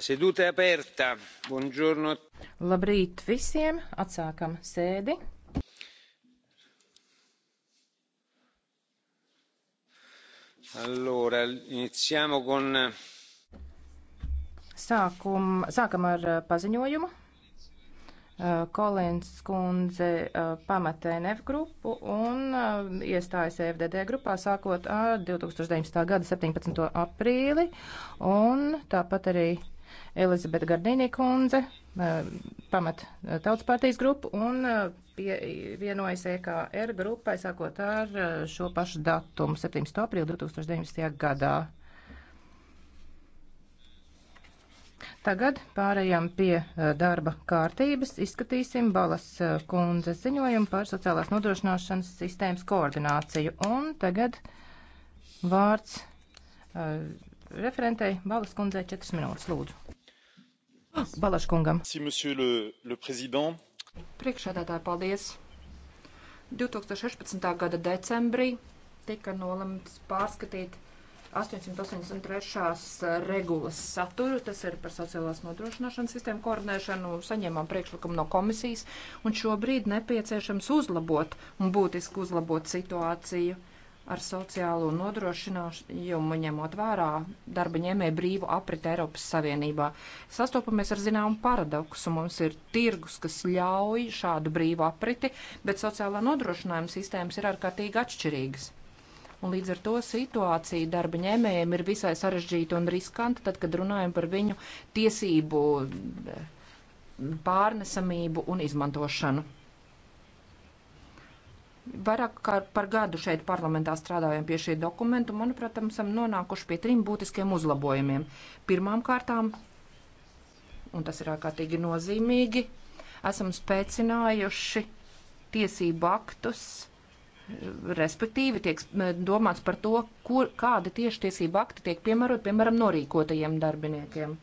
La seduta è aperta. Buongiorno. Labrīt visiem. Atsākam sēdi. Allora, iniziamo con eh, Sākum, sākam ar eh, paziņojumu. Eh, Kolins kundze pamatē NF grupu un iestājas EFDD grupā sākot ar 2019. gada 17. aprīli un tāpat arī Elizabete Gardīnī kundze eh, pamat eh, tautas partijas grupu un eh, pie, vienojas EKR grupai sākot ar šo pašu datumu 17. aprīli 2019. gadā. Tagad pārējām pie darba kārtības. Izskatīsim Balas kundzes ziņojumu par sociālās nodrošināšanas sistēmas koordināciju. Un tagad vārds referentei Balas kundzei 4 minūtes, lūdzu. Oh, Balas kungam. Priekšādātāji, paldies. 2016. gada decembrī tika nolemts pārskatīt 883. Eh, regulas saturu, tas ir par sociālās nodrošināšanas sistēmu koordinēšanu, saņēmām priekšlikumu no komisijas, un šobrīd nepieciešams uzlabot un būtiski uzlabot situāciju. Uh, ar sociālo nodrošinājumu, ņemot vērā darba ņēmēju brīvu aprit Eiropas Savienībā. Sastopamies ar zināmu paradoksu. Mums ir tirgus, kas ļauj šādu brīvu apriti, bet sociālā nodrošinājuma sistēmas ir ārkārtīgi atšķirīgas. Un līdz ar to situācija darba ņēmējiem ir visai sarežģīta un riskanta, tad, kad runājam par viņu tiesību pārnesamību un izmantošanu vairāk kā par gadu šeit parlamentā strādājam pie šī dokumentu, manuprāt, esam nonākuši pie trim būtiskiem uzlabojumiem. Pirmām kārtām, un tas ir ārkārtīgi nozīmīgi, esam spēcinājuši tiesību aktus, respektīvi tiek domāts par to, kur, kādi tieši tiesību akti tiek piemērot, piemēram, norīkotajiem darbiniekiem.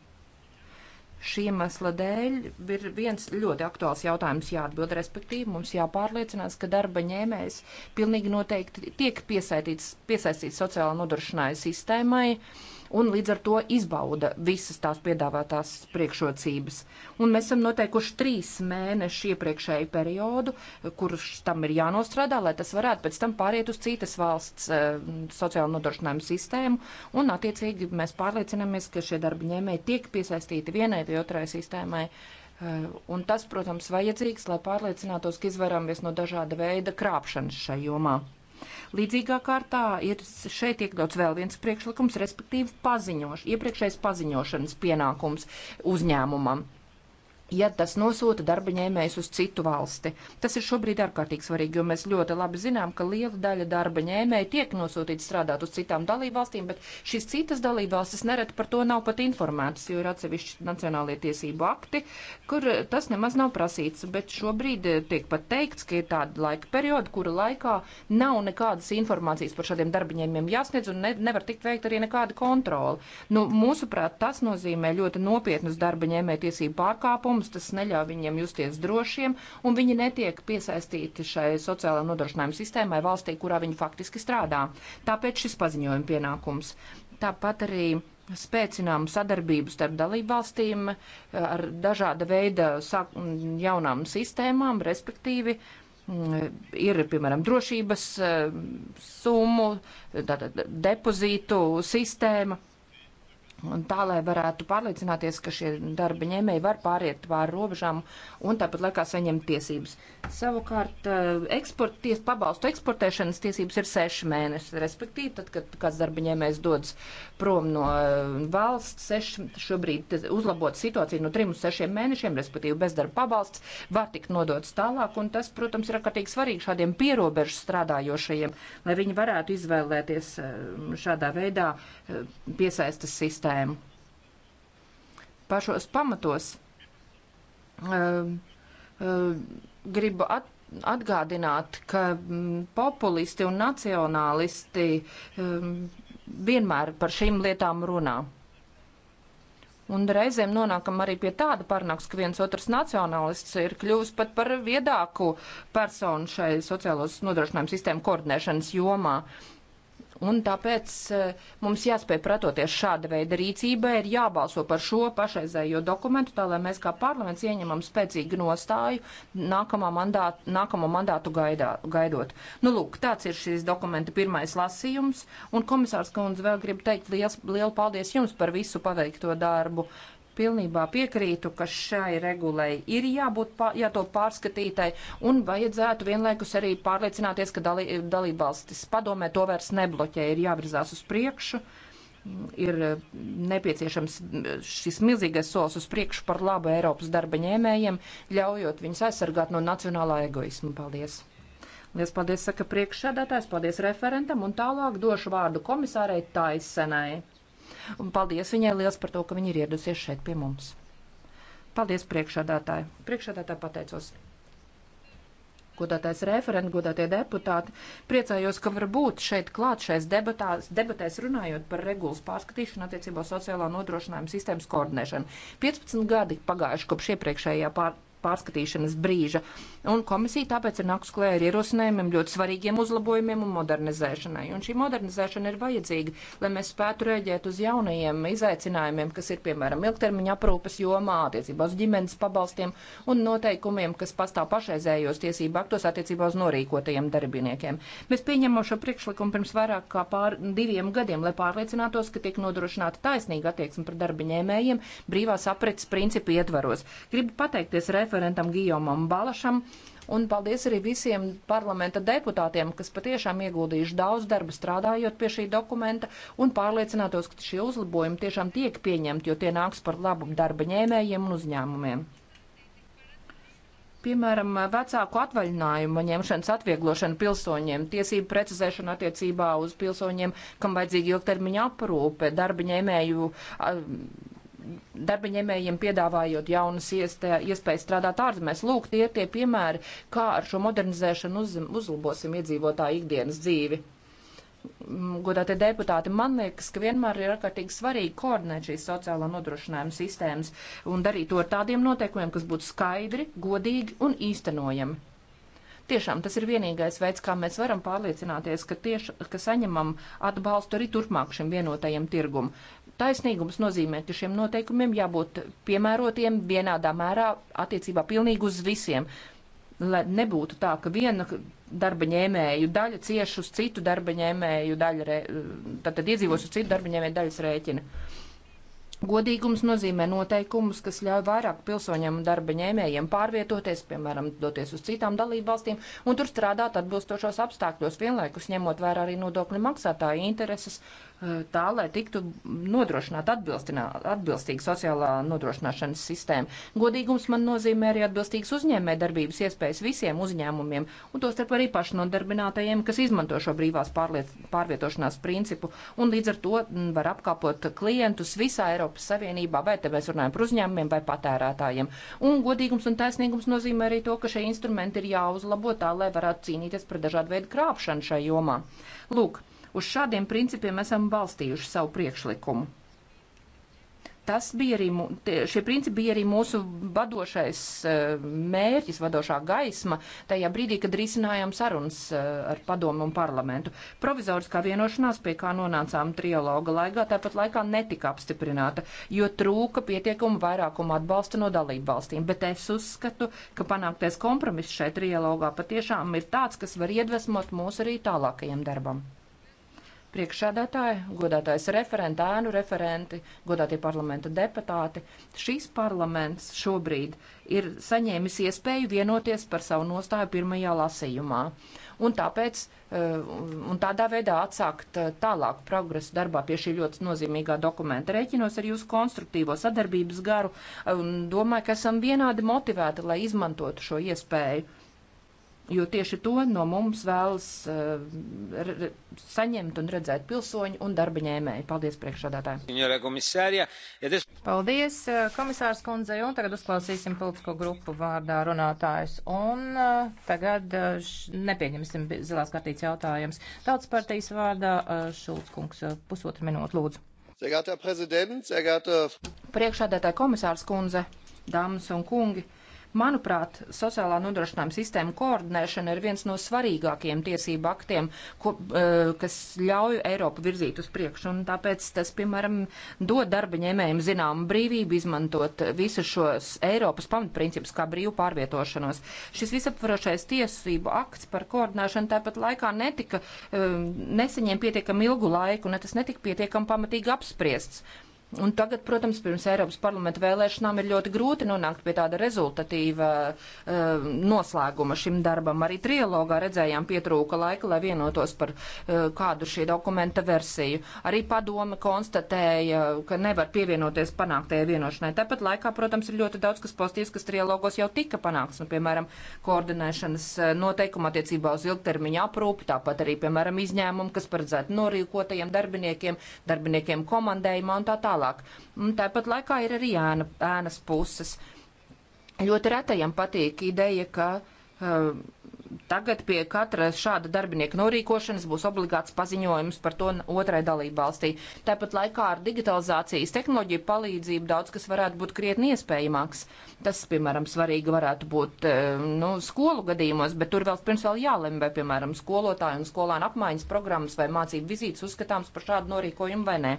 Šī iemesla dēļ ir viens ļoti aktuāls jautājums jāatbild, respektīvi mums jāpārliecinās, ka darba ņēmējs pilnīgi noteikti tiek piesaistīts, piesaistīts sociāla nodrošinājuma sistēmai. Uh, un līdz ar to izbauda visas tās piedāvātās priekšrocības. Un mēs esam noteikuši trīs mēnešu iepriekšēju periodu, kurš tam ir jānostrādā, lai tas varētu pēc tam pāriet uz citas valsts eh, sociālo nodrošinājumu sistēmu, un attiecīgi mēs pārliecināmies, ka šie darba ņēmēji tiek piesaistīti vienai vai otrai sistēmai. Eh, un tas, protams, vajadzīgs, lai pārliecinātos, ka izvairāmies no dažāda veida krāpšanas šai jomā. Līdzīgā kārtā ir šeit iekļauts vēl viens priekšlikums, respektīvi paziņoš, iepriekšējais paziņošanas pienākums uzņēmumam ja tas nosūta darba ņēmējs uz citu valsti. Tas ir šobrīd ārkārtīgi svarīgi, jo mēs ļoti labi zinām, ka liela daļa darba ņēmēji tiek nosūtīti strādāt uz citām dalībvalstīm, bet šīs citas dalībvalstis nereti par to nav pat informētas, jo ir atsevišķi nacionālie tiesību akti, kur tas nemaz nav prasīts, bet šobrīd tiek pat teikts, ka ir tāda laika perioda, kura laikā nav nekādas informācijas par šādiem darbaņēmiem jāsniedz un ne, nevar tikt veikt arī nekāda kontrola. Nu, mūsuprāt, tas nozīmē ļoti nopietnus darbaņēmē tiesību pārkāpumu mums tas neļauj viņiem justies drošiem, un viņi netiek piesaistīti šai sociālā nodrošinājuma sistēmai valstī, kurā viņi faktiski strādā. Tāpēc šis paziņojuma pienākums. Tāpat arī spēcinām sadarbību starp dalībvalstīm eh, ar dažāda veida jaunām sistēmām, respektīvi mm, ir, piemēram, drošības eh, summu, depozītu sistēma. Un tā, lai varētu pārliecināties, ka šie darba ņēmēji var pāriet pāri robežām un tāpat laikā saņemt tiesības. Savukārt, eh, eksport, ties, pabalstu eksportēšanas tiesības ir seši mēneši. Respektīvi, tad, kad kāds darba ņēmējs dodas prom no eh, valsts, seši, šobrīd uzlabot situāciju no trim uz sešiem mēnešiem, respektīvi bezdarba pabalsts, var tikt nodots tālāk. Un tas, protams, ir ārkārtīgi svarīgi šādiem pierobežu strādājošajiem, lai viņi varētu izvēlēties eh, šādā veidā piesaistas sistēmu sistēmu. Pašos pamatos uh, uh, gribu at, atgādināt, ka um, populisti un nacionālisti um, vienmēr par šīm lietām runā. Un reizēm nonākam arī pie tāda parnaks, ka viens otrs nacionālists ir kļuvis pat par viedāku personu šai sociālos nodrošinājumu sistēmu koordinēšanas jomā. Uh, Un tāpēc eh, mums jāspēj pretoties šāda veida rīcībai, ir jābalso par šo pašreizējo dokumentu, tā lai mēs kā parlaments ieņemam spēcīgu nostāju nākamā mandātu, nākamo mandātu gaidā, gaidot. Nu, lūk, tāds ir šīs dokumenta pirmais lasījums. Un komisārs Kundze vēl grib teikt liels, lielu paldies jums par visu paveikto darbu pilnībā piekrītu, ka šai regulai ir jābūt, pā, jāto pārskatītai un vajadzētu vienlaikus arī pārliecināties, ka dalī, dalībvalstis padomē to vairs nebloķē, ir jāvirzās uz priekšu. Ir nepieciešams šis milzīgais solis uz priekšu par labu Eiropas darba ņēmējiem, ļaujot viņus aizsargāt no nacionālā egoisma. Paldies! Liels paldies, saka priekšsēdētājs, paldies referentam un tālāk došu vārdu komisārai Taisenai. Un paldies viņai liels par to, ka viņa ir ieradusies šeit pie mums. Paldies priekšādātāji. Priekšādātāji pateicos. Godātais referents, godātie deputāti, priecājos, ka var būt šeit klāt šais debatās, debatēs runājot par regulas pārskatīšanu attiecībā sociālā nodrošinājuma sistēmas koordinēšanu. 15 gadi pagājuši kopš iepriekšējā pār, pārskatīšanas brīža. Un komisija tāpēc ir nākus klē ar ierosinājumiem ļoti svarīgiem uzlabojumiem un modernizēšanai. Un šī modernizēšana ir vajadzīga, lai mēs spētu rēģēt uz jaunajiem izaicinājumiem, kas ir, piemēram, ilgtermiņa aprūpas jomā, attiecībā uz ģimenes pabalstiem un noteikumiem, kas pastāv pašreizējos tiesību aktos attiecībā uz norīkotajiem darbiniekiem. Mēs pieņemam šo priekšlikumu pirms vairāk kā pār diviem gadiem, lai pārliecinātos, ka tiek nodrošināta taisnīga attieksme par darbiņēmējiem brīvās aprits principu ietvaros. Gribu pateikties referentam referentam Gijomam Balašam. Un paldies arī visiem parlamenta deputātiem, kas patiešām ieguldījuši daudz darba strādājot pie šī dokumenta un pārliecinātos, ka šie uzlabojumi tiešām tiek pieņemti, jo tie nāks par labu darba ņēmējiem un uzņēmumiem. Piemēram, vecāku atvaļinājumu ņemšanas atvieglošana pilsoņiem, tiesību precizēšana attiecībā uz pilsoņiem, kam vajadzīga ilgtermiņa aprūpe, darba ņēmēju darba ņēmējiem piedāvājot jaunas iespējas strādāt ārzemēs. Lūk, tie ir tie piemēri, kā ar šo modernizēšanu uz, uzlabosim iedzīvotāju ikdienas dzīvi. Mm, godātie deputāti, man liekas, ka vienmēr ir ārkārtīgi svarīgi koordinēt šīs sociālā nodrošinājuma sistēmas un darīt to ar tādiem noteikumiem, kas būtu skaidri, godīgi un īstenojami. Tiešām tas ir vienīgais veids, kā mēs varam pārliecināties, ka, tieši, ka saņemam atbalstu arī turpmāk šim vienotajam tirgum. Taisnīgums nozīmē, ka šiem noteikumiem jābūt piemērotiem vienādā mērā attiecībā pilnīgi uz visiem. Lai nebūtu tā, ka viena darba ņēmēju daļa cieš uz citu darba ņēmēju daļu, tad, tad iedzīvos uz citu darba ņēmēju daļas rēķina. Godīgums nozīmē noteikumus, kas ļauj vairāk pilsoņiem un darba ņēmējiem pārvietoties, piemēram, doties uz citām dalību valstīm un tur strādāt atbilstošos apstākļos, vienlaikus ņemot vērā arī nodokļu maksātāju intereses tā, lai tiktu nodrošināta atbilstīga sociālā nodrošināšanas sistēma. Godīgums man nozīmē arī atbilstīgas uzņēmē darbības iespējas visiem uzņēmumiem, un to starp arī pašnodarbinātajiem, kas izmanto šo brīvās pārliet, pārvietošanās principu, un līdz ar to var apkāpot klientus visā Eiropas Savienībā, vai te mēs runājam par uzņēmumiem vai patērētājiem. Un godīgums un taisnīgums nozīmē arī to, ka šie instrumenti ir jāuzlabo tā, lai varētu cīnīties par dažādu veidu krāpšanu šai jomā. Lūk, Uz šādiem principiem esam balstījuši savu priekšlikumu tas bija arī, šie principi bija arī mūsu vadošais e, mērķis, vadošā gaisma tajā brīdī, kad risinājām sarunas e, ar padomu un parlamentu. Provizoriskā vienošanās, pie kā nonācām trialoga laikā, tāpat laikā netika apstiprināta, jo trūka pietiekuma vairākuma atbalsta no dalību valstīm. Bet es uzskatu, ka panāktais kompromiss šeit trialogā patiešām ir tāds, kas var iedvesmot mūs arī tālākajam darbam priekšsēdētāji, godātais referenti, ēnu referenti, godātie parlamenta deputāti. Šīs parlaments šobrīd ir saņēmis iespēju vienoties par savu nostāju pirmajā lasījumā. Un tāpēc, eh, un tādā veidā atsākt eh, tālāk progresu darbā pie šī ļoti nozīmīgā dokumenta. Rēķinos ar jūsu konstruktīvo sadarbības garu eh, un domāju, ka esam vienādi motivēti, lai izmantotu šo iespēju jo tieši to no mums vēlas uh, saņemt un redzēt pilsoņi un darba ņēmēji. Paldies, priekšādātāji! E Paldies, eh, komisārs kundze, un tagad uzklausīsim politisko grupu vārdā runātājs. Un uh, tagad uh, nepieņemsim zilās kartītes jautājums. Tautas partijas vārdā uh, Šulc kungs, uh, pusotru minūtu lūdzu. Sehr geehrter Herr Präsident, sehr geehrte Priekšādātāja komisārs kundze, dāmas un kungi! Manuprāt, sociālā nodrošinājuma sistēma koordinēšana ir viens no svarīgākajiem tiesību aktiem, ko, eh, kas ļauj Eiropu virzīt uz priekšu, un tāpēc tas, piemēram, dod darba ņēmējiem zinām brīvību izmantot visu šos Eiropas pamatprincipus kā brīvu pārvietošanos. Šis visaptvarošais tiesību akts par koordinēšanu tāpat laikā netika, eh, nesaņēma pietiekam ilgu laiku, un tas netika pietiekam pamatīgi apspriests. Un tagad, protams, pirms Eiropas parlamenta vēlēšanām ir ļoti grūti nonākt pie tāda rezultatīva uh, noslēguma šim darbam. Arī trilogā redzējām pietrūka laika, lai vienotos par uh, kādu šī dokumenta versiju. Arī padome konstatēja, ka nevar pievienoties panāktajai vienošanai. Tāpat laikā, protams, ir ļoti daudz kas pozitīvs, kas trilogos jau tika panāks. Nu, piemēram, koordinēšanas eh, noteikuma attiecībā uz ilgtermiņa aprūpi, tāpat arī, piemēram, izņēmumu, kas paredzētu norīkotajiem darbiniekiem, darbiniekiem komandējumā un tā tālāk tālāk. Un mm, tāpat laikā ir arī ēna, ēnas puses. Ļoti retajam patīk ideja, ka uh, tagad pie katra šāda darbinieka norīkošanas būs obligāts paziņojums par to otrai dalību valstī. Tāpat laikā ar digitalizācijas tehnoloģiju palīdzību daudz kas varētu būt krietni iespējamāks. Tas, piemēram, svarīgi varētu būt eh, nu, skolu gadījumos, bet tur vēl pirms vēl jālem, vai, piemēram, skolotāju un skolānu apmaiņas programmas vai mācību vizītes uzskatāms par šādu norīkojumu vai nē.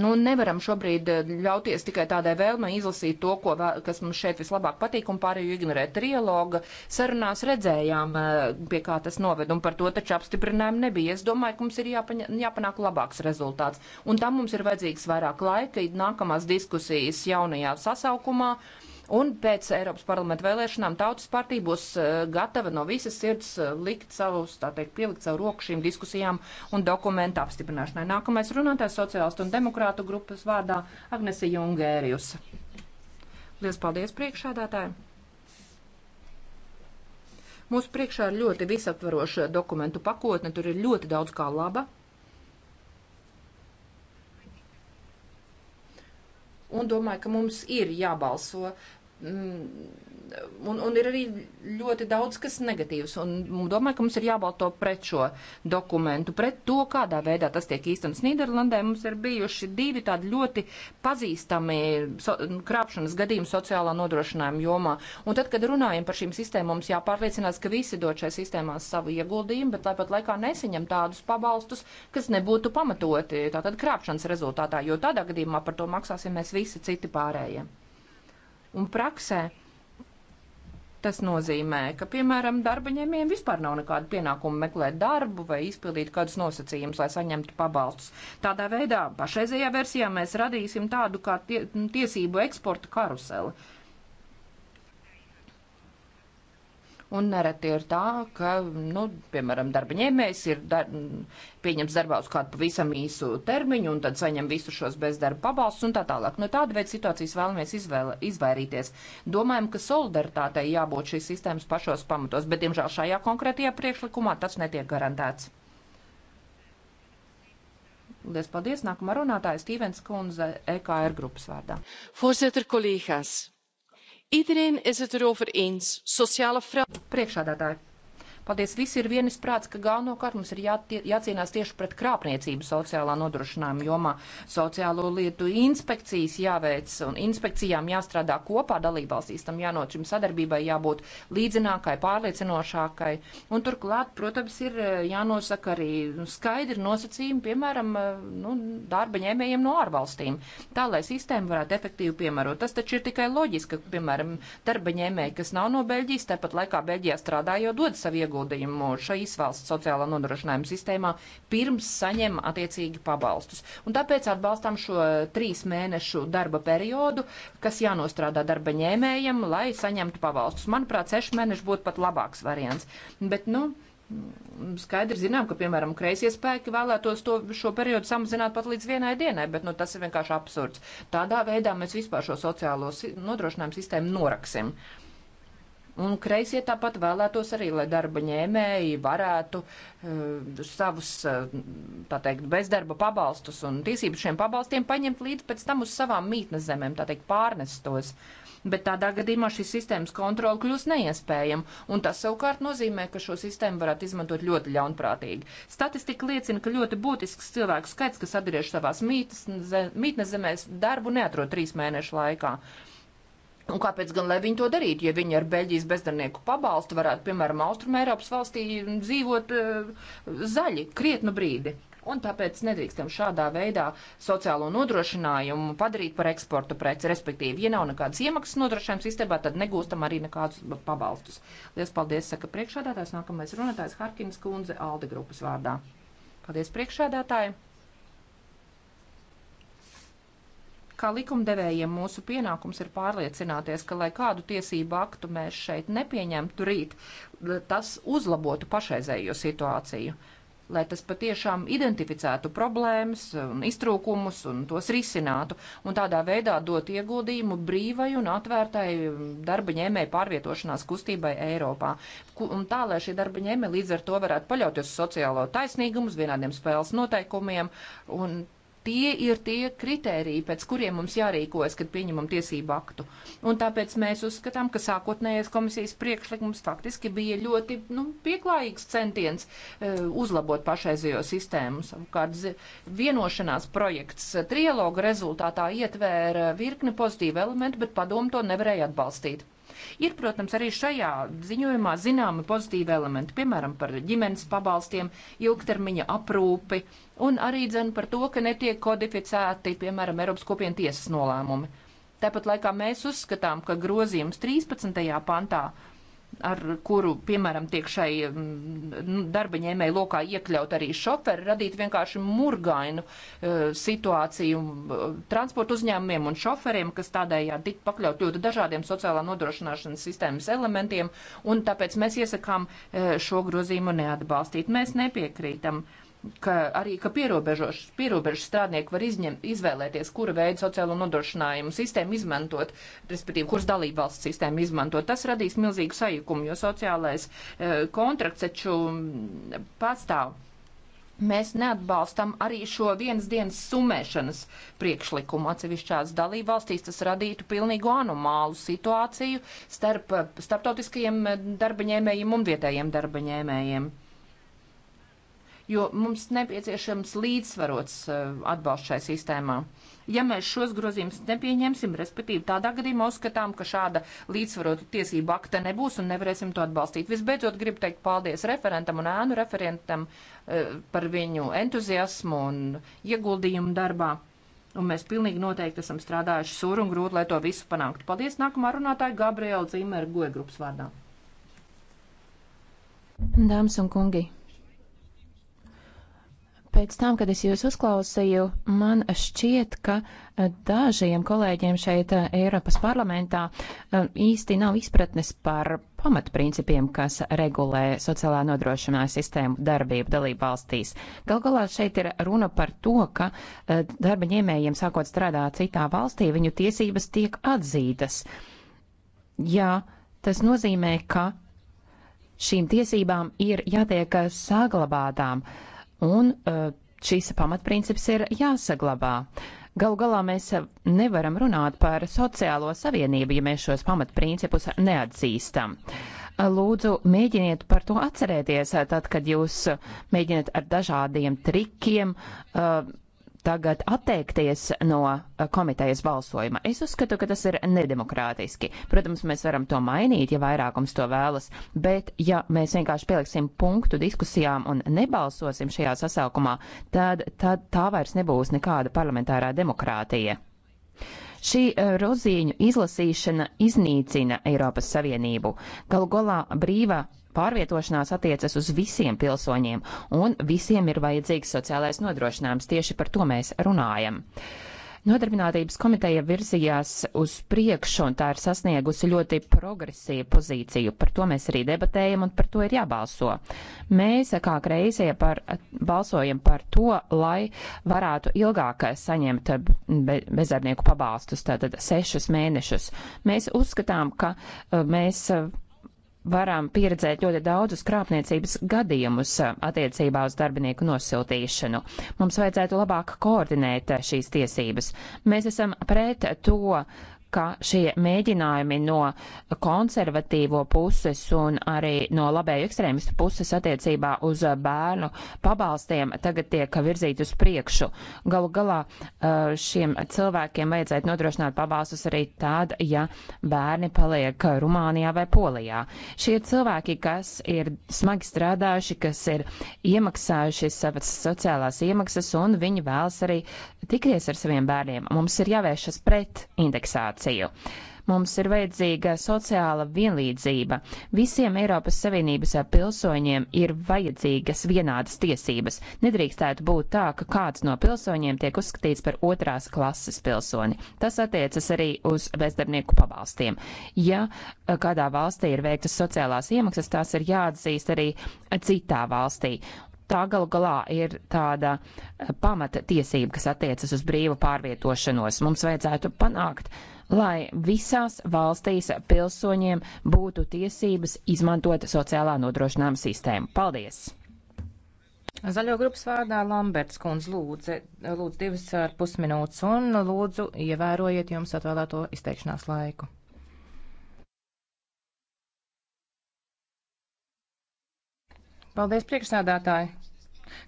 Nu, nevaram šobrīd eh, ļauties tikai tādai vēlmei izlasīt to, ko, kas mums šeit vislabāk patīk, un pārējo ignorēt. Trialoga sarunās redzējām, eh, pie kā tas noved, un par to taču apstiprinājumu nebija. Es domāju, ka mums ir jāpaņa, jāpanāk labāks rezultāts. Un tam mums ir vajadzīgs vairāk laika, nākamās diskusijas jaunajā sasaukumā. Uh, Un pēc Eiropas parlamenta vēlēšanām tautas partija būs eh, gatava no visas sirds eh, likt savus, tā teikt, pielikt savu roku šīm diskusijām un dokumentu apstiprināšanai. Nākamais runātājs sociālistu un demokrātu grupas vārdā Agnese Jungērijus. Lielas paldies priekšādātājiem! Mūsu priekšā ir ļoti visaptvaroša dokumentu pakotne, tur ir ļoti daudz kā laba. un domāju, ka mums ir jābalso Mm, un, un ir arī ļoti daudz kas negatīvs. Un domāju, ka mums ir jābalto pret šo dokumentu, pret to, kādā veidā tas tiek īstenots Nīderlandē. Mums ir bijuši divi tādi ļoti pazīstami so, krāpšanas gadījumi sociālā nodrošinājuma jomā. Un tad, kad runājam par šīm sistēmām, mums jāpārliecinās, ka visi dod šai sistēmā savu ieguldījumu, bet tāpat laikā nesaņem tādus pabalstus, kas nebūtu pamatoti tātad krāpšanas rezultātā, jo tādā gadījumā par to maksāsim mēs visi citi pārējie un praksē. Tas nozīmē, ka, piemēram, darba ņēmējiem vispār nav nekāda pienākuma meklēt darbu vai izpildīt kādus nosacījumus, lai saņemtu pabalstus. Tādā veidā pašreizējā versijā mēs radīsim tādu kā tie, tiesību eksporta karuseli. Uh, Un nereti ir tā, ka, nu, piemēram, darba ņēmējs ir dar pieņems darbā uz kādu pavisam īsu termiņu un tad saņem visu šos bezdarba pabalstus un tā tālāk. No nu, tāda veida situācijas vēlamies izvēle, izvairīties. Domājam, ka solidaritātei jābūt šīs sistēmas pašos pamatos, bet, diemžēl, šajā konkrētajā priekšlikumā tas netiek garantēts. Lies paldies. Nākamā runātāja Stīvens Kunze, EKR grupas vārdā. Voorzitter, collega's. Iedereen is het erover eens. Sociāla fraude. Priekšādātāji. Paldies, visi ir vienis prāts, ka galvenokārt mums ir jātie, jācīnās tieši pret krāpniecību sociālā nodrošinājuma jomā. Sociālo lietu inspekcijas jāveic un inspekcijām jāstrādā kopā dalībvalstīs, tam jānočim sadarbībai jābūt līdzinākai, pārliecinošākai. Un turklāt, protams, ir eh, jānosaka arī skaidri nosacījumi, piemēram, eh, nu, darba ņēmējiem no ārvalstīm, tā lai sistēma varētu efektīvi piemērot. Tas taču ir tikai loģiski, ka, piemēram, darba ņēmēji, kas nav no Beļģijas, tāpat laikā Beļģijā strādā, jau dod savu ieguldījumu ieguldījumu šīs valsts sociālā nodrošinājuma sistēmā pirms saņem attiecīgi pabalstus. Un tāpēc atbalstam šo trīs mēnešu darba periodu, kas jānostrādā darba ņēmējiem, lai saņemtu pabalstus. Manuprāt, sešu mēnešu būtu pat labāks variants. Bet, nu, Skaidri zinām, ka, piemēram, kreisie spēki vēlētos to, šo periodu samazināt pat līdz vienai dienai, bet nu, tas ir vienkārši absurds. Tādā veidā mēs vispār šo sociālo nodrošinājumu sistēmu noraksim. Uh, Un kreisie tāpat vēlētos arī, lai darba ņēmēji varētu uh, savus, uh, tā teikt, bezdarba pabalstus un tiesības šiem pabalstiem paņemt līdz pēc tam uz savām mītnes zemēm, tā teikt, pārnest tos. Bet tādā gadījumā šī sistēmas kontrola kļūst neiespējama, un tas savukārt nozīmē, ka šo sistēmu varētu izmantot ļoti ļaunprātīgi. Statistika liecina, ka ļoti būtisks cilvēku skaits, kas atgriež savās mītnes, mītnes zemēs, darbu neatrod trīs mēnešu laikā. Uh, Un kāpēc gan lai viņi to darītu, ja viņi ar Beļģijas bezdarnieku pabalstu varētu, piemēram, Austrum Eiropas valstī dzīvot uh, zaļi krietnu brīdi? Un tāpēc nedrīkstam šādā veidā sociālo nodrošinājumu padarīt par eksporta preci. Respektīvi, ja nav nekādas iemaksas nodrošinājuma sistēmā, tad negūstam arī nekādus pabalstus. Lielas paldies, saka priekšādātājs. Nākamais runātājs Harkins Kunze Alde grupas vārdā. Paldies priekšādātājai! Kā likumdevējiem mūsu pienākums ir pārliecināties, ka lai kādu tiesību aktu mēs šeit nepieņemtu rīt, tas uzlabotu pašreizējo situāciju. Lai tas patiešām identificētu problēmas un iztrūkumus un tos risinātu, un tādā veidā dot ieguldījumu brīvai un atvērtai darba ņēmēji pārvietošanās kustībai Eiropā. Un tā, lai šie darba ņēmēji līdz ar to varētu paļauties uz sociālo taisnīgumu, uz vienādiem spēles noteikumiem un Tie ir tie kritēriji, pēc kuriem mums jārīkojas, kad pieņemam tiesību aktu. Un tāpēc mēs uzskatām, ka sākotnējais komisijas priekšlikums faktiski bija ļoti nu, pieklājīgs centiens e, uzlabot pašreizējo sistēmu. Savukārt vienošanās projekts trialoga rezultātā ietvēra virkni pozitīvu elementu, bet padomu to nevarēja atbalstīt. Ir, protams, arī šajā ziņojumā zināmi pozitīvi elementi, piemēram, par ģimenes pabalstiem, ilgtermiņa aprūpi un arī dzen par to, ka netiek kodificēti, piemēram, Eiropas kopienu tiesas nolēmumi. Tāpat laikā mēs uzskatām, ka grozījums 13. pantā ar kuru, piemēram, tiek šai mm, nu, darba ņēmēju lokā iekļaut arī šoferi, radīt vienkārši murgainu e, situāciju e, transporta uzņēmumiem un šoferiem, kas tādējādi tik pakļaut ļoti dažādiem sociālā nodrošināšanas sistēmas elementiem, un tāpēc mēs iesakām e, šo grozījumu neatbalstīt. Mēs nepiekrītam. Uh, ka arī ka pierobežu strādnieki var izņem, izvēlēties, kura veida sociālo nodrošinājumu sistēmu izmantot, respektīvi, kuras dalībvalsts sistēmu izmantot. Tas radīs milzīgu sajukumu, jo sociālais e, kontrakts taču mm, pastāv. Mēs neatbalstam arī šo vienas dienas sumēšanas priekšlikumu. Atsevišķās dalībvalstīs tas radītu pilnīgu anomālu situāciju starp starptautiskajiem eh, darbaņēmējiem un vietējiem darbaņēmējiem jo mums nepieciešams līdzsvarots eh, atbalsts šai sistēmā. Ja mēs šos grozījumus nepieņemsim, respektīvi tādā gadījumā uzskatām, ka šāda līdzsvarota tiesība akta nebūs un nevarēsim to atbalstīt. Visbeidzot, gribu teikt paldies referentam un ēnu referentam eh, par viņu entuziasmu un ieguldījumu darbā. Un mēs pilnīgi noteikti esam strādājuši sūru un grūti, lai to visu panāktu. Paldies nākamā runātāja Gabriela Zīmera Goja grupas vārdā. Dāmas un kungi, Pēc tam, kad es jūs uzklausīju, man šķiet, ka e, dažiem kolēģiem šeit e, Eiropas parlamentā e, īsti nav izpratnes par pamatprincipiem, kas regulē sociālā nodrošinājuma sistēmu darbību dalību valstīs. Gal galā šeit ir runa par to, ka darba ņēmējiem sākot strādāt citā valstī, viņu tiesības tiek atzītas. Jā, tas nozīmē, ka šīm tiesībām ir jātiek saglabātām. Uh, Un eh, šīs pamatprincips ir jāsaglabā. Galu galā mēs nevaram runāt par sociālo savienību, ja mēs šos pamatprincipus neatzīstam. Eh, lūdzu, mēģiniet par to atcerēties, eh, tad, kad jūs mēģiniet ar dažādiem trikiem uh, tagad atteikties no eh, komitejas balsojuma. Es uzskatu, ka tas ir nedemokrātiski. Protams, mēs varam to mainīt, ja vairākums to vēlas, bet ja mēs vienkārši pieliksim punktu diskusijām un nebalsosim šajā sasaukumā, tad, tad tā vairs nebūs nekāda parlamentārā demokrātija. Šī eh, rozīņu izlasīšana iznīcina Eiropas Savienību. Galu galā brīva pārvietošanās attiecas uz visiem pilsoņiem, un visiem ir vajadzīgs sociālais nodrošinājums. Tieši par to mēs runājam. Nodarbinātības komiteja virzījās uz priekšu, un tā ir sasniegusi ļoti progresīvu pozīciju. Par to mēs arī debatējam, un par to ir jābalso. Mēs kā kreisie par, balsojam par to, lai varētu ilgāk saņemt be, bezdarbnieku pabalstus, tātad sešus mēnešus. Mēs uzskatām, ka mēs varam pieredzēt ļoti daudzus krāpniecības gadījumus uh, attiecībā uz darbinieku nosiltīšanu. Mums vajadzētu labāk koordinēt uh, šīs tiesības. Mēs esam pret to, ka šie mēģinājumi no konservatīvo puses un arī no labēju ekstrēmistu puses attiecībā uz bērnu pabalstiem tagad tiek virzīti uz priekšu. Galu galā šiem cilvēkiem vajadzētu nodrošināt pabalstus arī tad, ja bērni paliek Rumānijā vai Polijā. Šie cilvēki, kas ir smagi strādājuši, kas ir iemaksājuši savas sociālās iemaksas un viņi vēlas arī tikties ar saviem bērniem, mums ir jāvēršas pret indeksāciju situāciju. Mums ir vajadzīga sociāla vienlīdzība. Visiem Eiropas Savienības pilsoņiem ir vajadzīgas vienādas tiesības. Nedrīkstētu būt tā, ka kāds no pilsoņiem tiek uzskatīts par otrās klases pilsoni. Tas attiecas arī uz bezdarbnieku pabalstiem. Ja kādā valstī ir veiktas sociālās iemaksas, tās ir jāatzīst arī citā valstī tā galu galā ir tāda pamata tiesība, kas attiecas uz brīvu pārvietošanos. Mums vajadzētu panākt lai visās valstīs pilsoņiem būtu tiesības izmantot sociālā nodrošinājuma sistēmu. Paldies! Zaļo grupas vārdā Lamberts kundz lūdzu, lūdzu divas ar pusminūtes un lūdzu ievērojiet jums atvēlēto izteikšanās laiku. Paldies priekšsādātāji!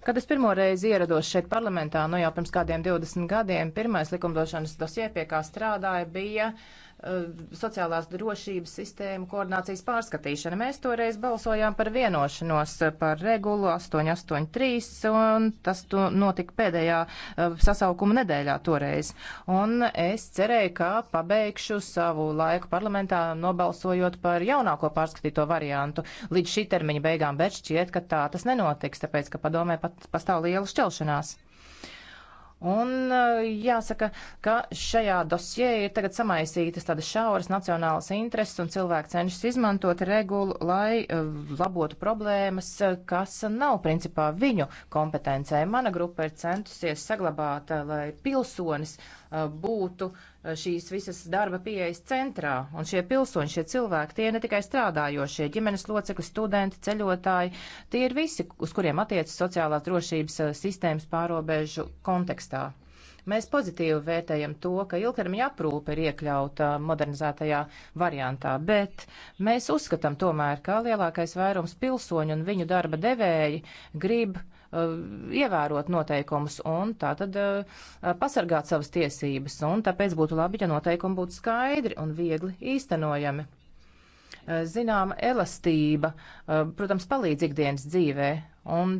Kad es pirmo reizi ierados šeit parlamentā, nu jau pirms kādiem 20 gadiem, pirmais likumdošanas dosie, pie kā strādāja, bija uh, Eh, sociālās drošības sistēmu koordinācijas pārskatīšana. Mēs toreiz balsojām par vienošanos par regulu 883, un tas notika pēdējā eh, sasaukuma nedēļā toreiz. Un es cerēju, ka pabeigšu savu laiku parlamentā nobalsojot par jaunāko pārskatīto variantu līdz šī termiņa beigām, bet šķiet, ka tā tas nenotiks, tāpēc, ka padomē pat pastāv liela šķelšanās. Un eh, jāsaka, ka šajā dosjē ir tagad samaisītas tādas šauras nacionālas intereses un cilvēki cenšas izmantot regulu, lai eh, labotu problēmas, eh, kas nav principā viņu kompetencē. Mana grupa ir centusies saglabāt, lai pilsonis Eh, būtu eh, šīs visas darba pieejas centrā. Un šie pilsoņi, šie cilvēki, tie ne tikai strādājošie, ģimenes locekļi, studenti, ceļotāji, tie ir visi, uz kuriem attiecas sociālās drošības eh, sistēmas pārobežu kontekstā. Mēs pozitīvi vērtējam to, ka ilgtermiņa aprūpe ir iekļauta modernizētajā variantā, bet mēs uzskatām tomēr, ka lielākais vairums pilsoņu un viņu darba devēji grib uh, Eh, ievērot noteikumus un tātad eh, pasargāt savas tiesības. Un tāpēc būtu labi, ja noteikumi būtu skaidri un viegli īstenojami. Eh, Zināma elastība, protams, palīdz ikdienas dzīvē, un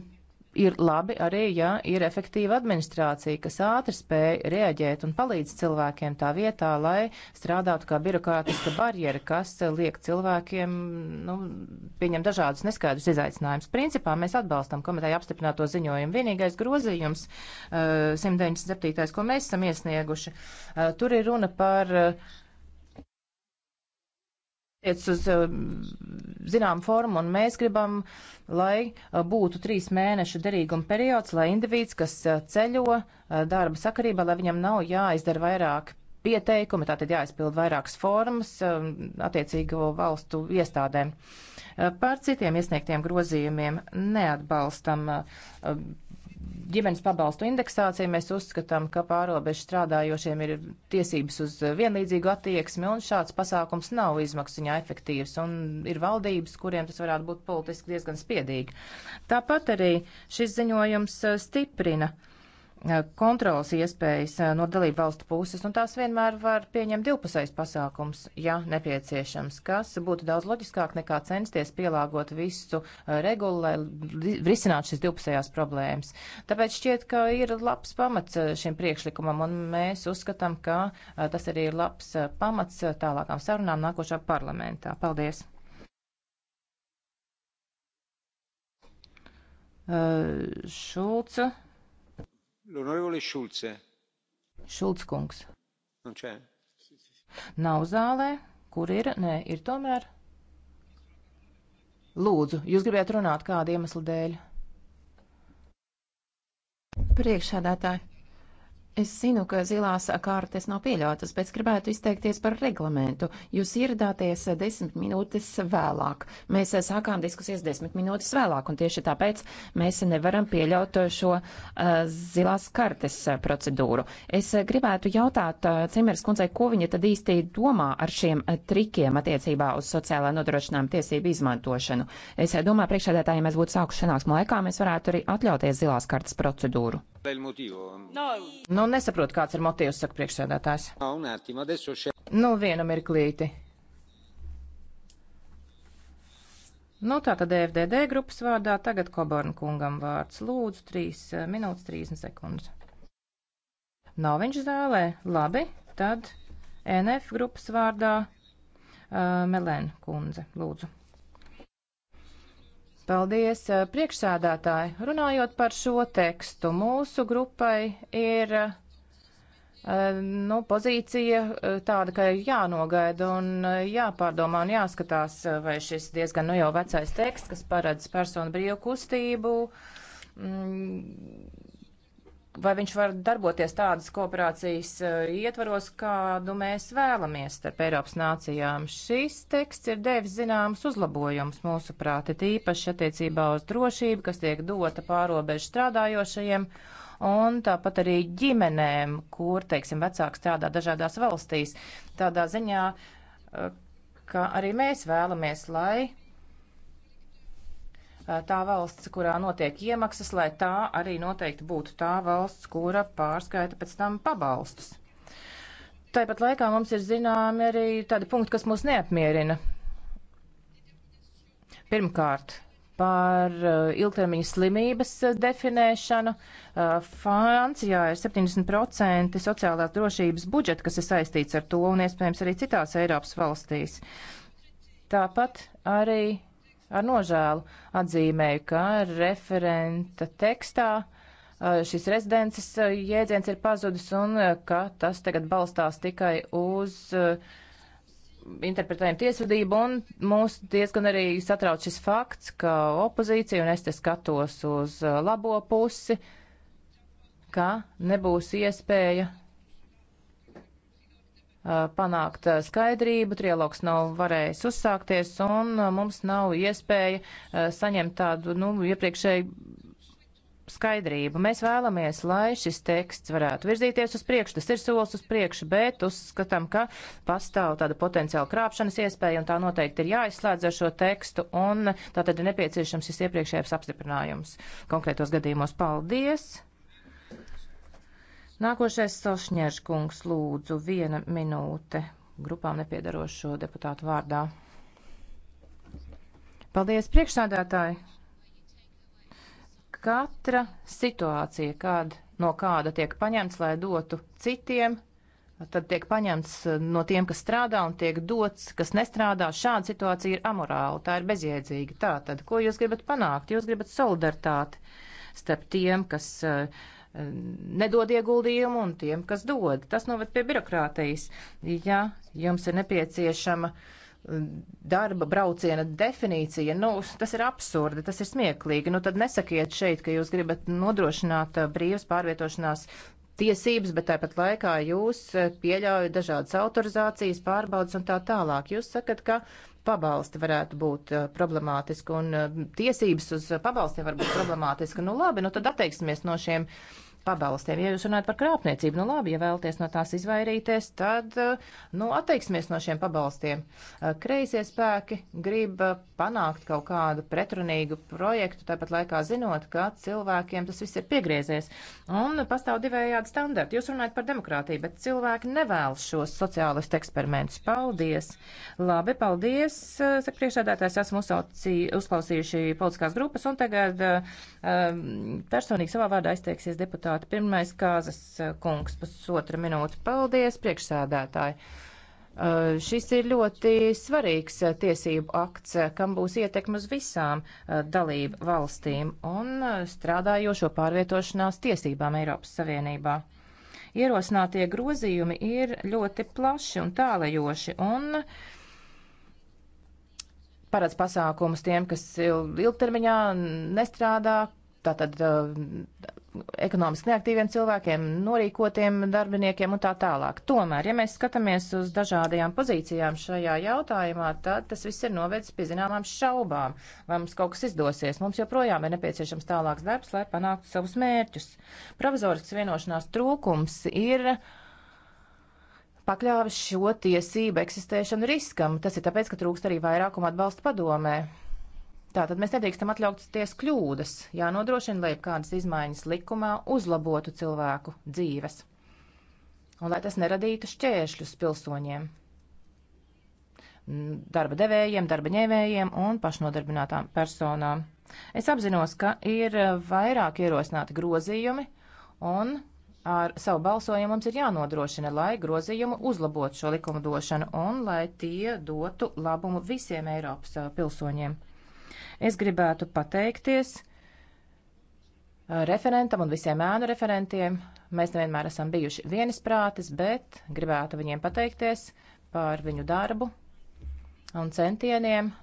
ir labi arī, ja ir efektīva administrācija, kas ātri spēj reaģēt un palīdz cilvēkiem tā vietā, lai strādātu kā birokrātiska barjera, kas liek cilvēkiem nu, pieņem dažādus neskaidrus izaicinājumus. Principā mēs atbalstam komiteju apstiprināto ziņojumu. Vienīgais grozījums, 197. Eh, ko mēs esam iesnieguši, eh, tur ir runa par eh, attiec uz eh, zinām formu, un mēs gribam, lai eh, būtu trīs mēnešu derīguma periods, lai individs, kas eh, ceļo darba sakarībā, lai viņam nav jāizdara vairāk pieteikumi, tātad jāizpild vairākas formas attiecīgo valstu iestādēm. Par citiem iesniegtiem grozījumiem neatbalstam ģimenes pabalstu indeksāciju mēs uzskatām, ka pārobežu strādājošiem ir tiesības uz vienlīdzīgu attieksmi, un šāds pasākums nav izmaksiņā efektīvs, un ir valdības, kuriem tas varētu būt politiski diezgan spiedīgi. Tāpat arī šis ziņojums stiprina uh, Eh, kontrolas iespējas eh, no dalību valstu puses, un tās vienmēr var pieņemt divpusējs pasākums, ja nepieciešams, kas būtu daudz loģiskāk nekā censties pielāgot visu eh, regulu, lai risinātu šīs divpusējās problēmas. Tāpēc šķiet, ka ir labs pamats šim priekšlikumam, un mēs uzskatām, ka tas arī ir labs pamats tālākām sarunām nākošā parlamentā. Paldies! Šulca L'onorevole Šulce. Šulc kungs. Nu čē. Nav zālē. Kur ir? Nē, ir tomēr. Lūdzu, jūs gribētu runāt kādu iemeslu dēļ? Priekšādātāji. Es zinu, ka zilās kārtas nav pieļautas, bet gribētu izteikties par reglamentu. Jūs ieradāties desmit minūtes vēlāk. Mēs sākām diskusijas desmit minūtes vēlāk, un tieši tāpēc mēs nevaram pieļaut šo uh, zilās kartes eh, procedūru. Es eh, gribētu jautāt uh, Cimers kundzei, ko viņa tad īsti domā ar šiem trikiem attiecībā uz sociālā nodrošinājuma tiesību izmantošanu. Es domāju, priekšēdētājiem ja mēs būtu sākuši sanāksmu laikā, mēs varētu arī atļauties zilās kartes procedūru. No. Nu, nesaprotu, kāds ir motīvs, saka priekšsēdētājs. Nu, vienu mirklīti. Nu, tā tad e FDD grupas vārdā tagad Koborn kungam vārds. Lūdzu, 3 eh, minūtes 30 sekundes. Nav viņš zālē. Labi, tad NF grupas vārdā uh, Melēna kundze. Lūdzu. Paldies, eh, priekšsēdētāji. Runājot par šo tekstu, mūsu grupai ir eh, nu, pozīcija eh, tāda, ka jānogaida un jāpārdomā un jāskatās, vai šis diezgan nu jau vecais teksts, kas paredz personu brīvu kustību, mm, vai viņš var darboties tādas kooperācijas eh, ietvaros, kādu mēs vēlamies starp Eiropas nācijām. Šis teksts ir devis zināms uzlabojums mūsu prāti, tīpaši attiecībā uz drošību, kas tiek dota pārobežu strādājošajiem, un tāpat arī ģimenēm, kur, teiksim, vecāks strādā dažādās valstīs. Tādā ziņā, eh, ka arī mēs vēlamies, lai tā valsts, kurā notiek iemaksas, lai tā arī noteikti būtu tā valsts, kura pārskaita pēc tam pabalstus. Tāpat laikā mums ir zināmi arī tādi punkti, kas mūs neapmierina. Pirmkārt, par ilgtermiņa slimības definēšanu. Francijā ir 70% sociālās drošības budžeta, kas ir saistīts ar to, un iespējams arī citās Eiropas valstīs. Tāpat arī Ar nožēlu atzīmēju, ka referenta tekstā šis rezidences jēdziens ir pazudis un ka tas tagad balstās tikai uz interpretējumu tiesvedību un mūs diezgan arī satrauc šis fakts, ka opozīcija, un es te skatos uz labo pusi, ka nebūs iespēja panākt skaidrību, trialogs nav varējis uzsākties un mums nav iespēja saņemt tādu, nu, iepriekšēju skaidrību. Mēs vēlamies, lai šis teksts varētu virzīties uz priekšu. Tas ir solis uz priekšu, bet uzskatām, ka pastāv tāda potenciāla krāpšanas iespēja, un tā noteikti ir jāizslēdz ar šo tekstu, un tā tad ir nepieciešams šis iepriekšējais apstiprinājums. Konkrētos gadījumos paldies! Nākošais Sošņēržkungs lūdzu viena minūte grupām nepiedarošo deputātu vārdā. Paldies, priekšsādātāji! Katra situācija, kād, no kāda tiek paņemts, lai dotu citiem, tad tiek paņemts eh, no tiem, kas strādā un tiek dots, kas nestrādā. Šāda situācija ir amorāla, tā ir bezjēdzīga. Tā tad, ko jūs gribat panākt? Jūs gribat solidaritāti starp tiem, kas uh, nedod ieguldījumu un tiem, kas dod. Tas noved pie birokrātijas. Ja jums ir nepieciešama um, darba brauciena definīcija, nu, tas ir absurdi, tas ir smieklīgi. Nu, tad nesakiet šeit, ka jūs gribat nodrošināt uh, brīvas pārvietošanās tiesības, bet tāpat laikā jūs eh, pieļaujat dažādas autorizācijas, pārbaudas un tā tālāk. Jūs sakat, ka pabalsti varētu būt eh, problemātiski un eh, tiesības uz pabalstiem var būt problemātiski. Nu labi, nu tad atteiksimies no šiem pabalstiem. Ja jūs runājat par krāpniecību, nu labi, ja vēlaties no tās izvairīties, tad eh, nu, atteiksimies no šiem pabalstiem. Eh, kreisie spēki grib eh, panākt kaut kādu pretrunīgu projektu, tāpat laikā zinot, ka cilvēkiem tas viss ir piegriezies. Un pastāv divējādi standarti. Jūs runājat par demokrātiju, bet cilvēki nevēlas šos sociālistu eksperimentus. Paldies! Labi, paldies! Saka priekšādātājs, esmu uzklausījuši politiskās grupas un tagad um, personīgi savā vārdā izteiksies deputāti deputāti. Pirmais kāzas eh, kungs, pusotra minūte. Paldies, priekšsēdētāji. Uh, šis ir ļoti svarīgs uh, tiesību akts, uh, kam būs ietekme uz visām dalību valstīm un strādājošo pārvietošanās tiesībām Eiropas Savienībā. Ierosinātie grozījumi ir ļoti plaši un tālajoši un paredz pasākumus tiem, kas ilgtermiņā nestrādā, tātad eh, ekonomiski neaktīviem cilvēkiem, norīkotiem darbiniekiem un tā tālāk. Tomēr, ja mēs skatāmies uz dažādajām pozīcijām šajā jautājumā, tad tas viss ir novedis pie zināmām šaubām, vai mums kaut kas izdosies. Mums joprojām ir nepieciešams tālāks darbs, lai panāktu savus mērķus. Provizorisks vienošanās trūkums ir pakļāvis šo tiesību eksistēšanu riskam. Tas ir tāpēc, ka trūkst arī vairākuma atbalsta padomē. Tātad mēs nedrīkstam atļauties kļūdas, jānodrošina, lai kādas izmaiņas likumā uzlabotu cilvēku dzīves un lai tas neradītu šķēršļus pilsoņiem, mm, darba devējiem, darba ņēmējiem un pašnodarbinātām personām. Es apzinos, ka ir eh, vairāk ierosināti grozījumi un ar savu balsojumu mums ir jānodrošina, lai grozījumu uzlabotu šo likumdošanu un lai tie dotu labumu visiem Eiropas eh, pilsoņiem. Es gribētu pateikties uh, referentam un visiem ēnu referentiem. Mēs nevienmēr esam bijuši vienisprātis, bet gribētu viņiem pateikties par viņu darbu un centieniem uh,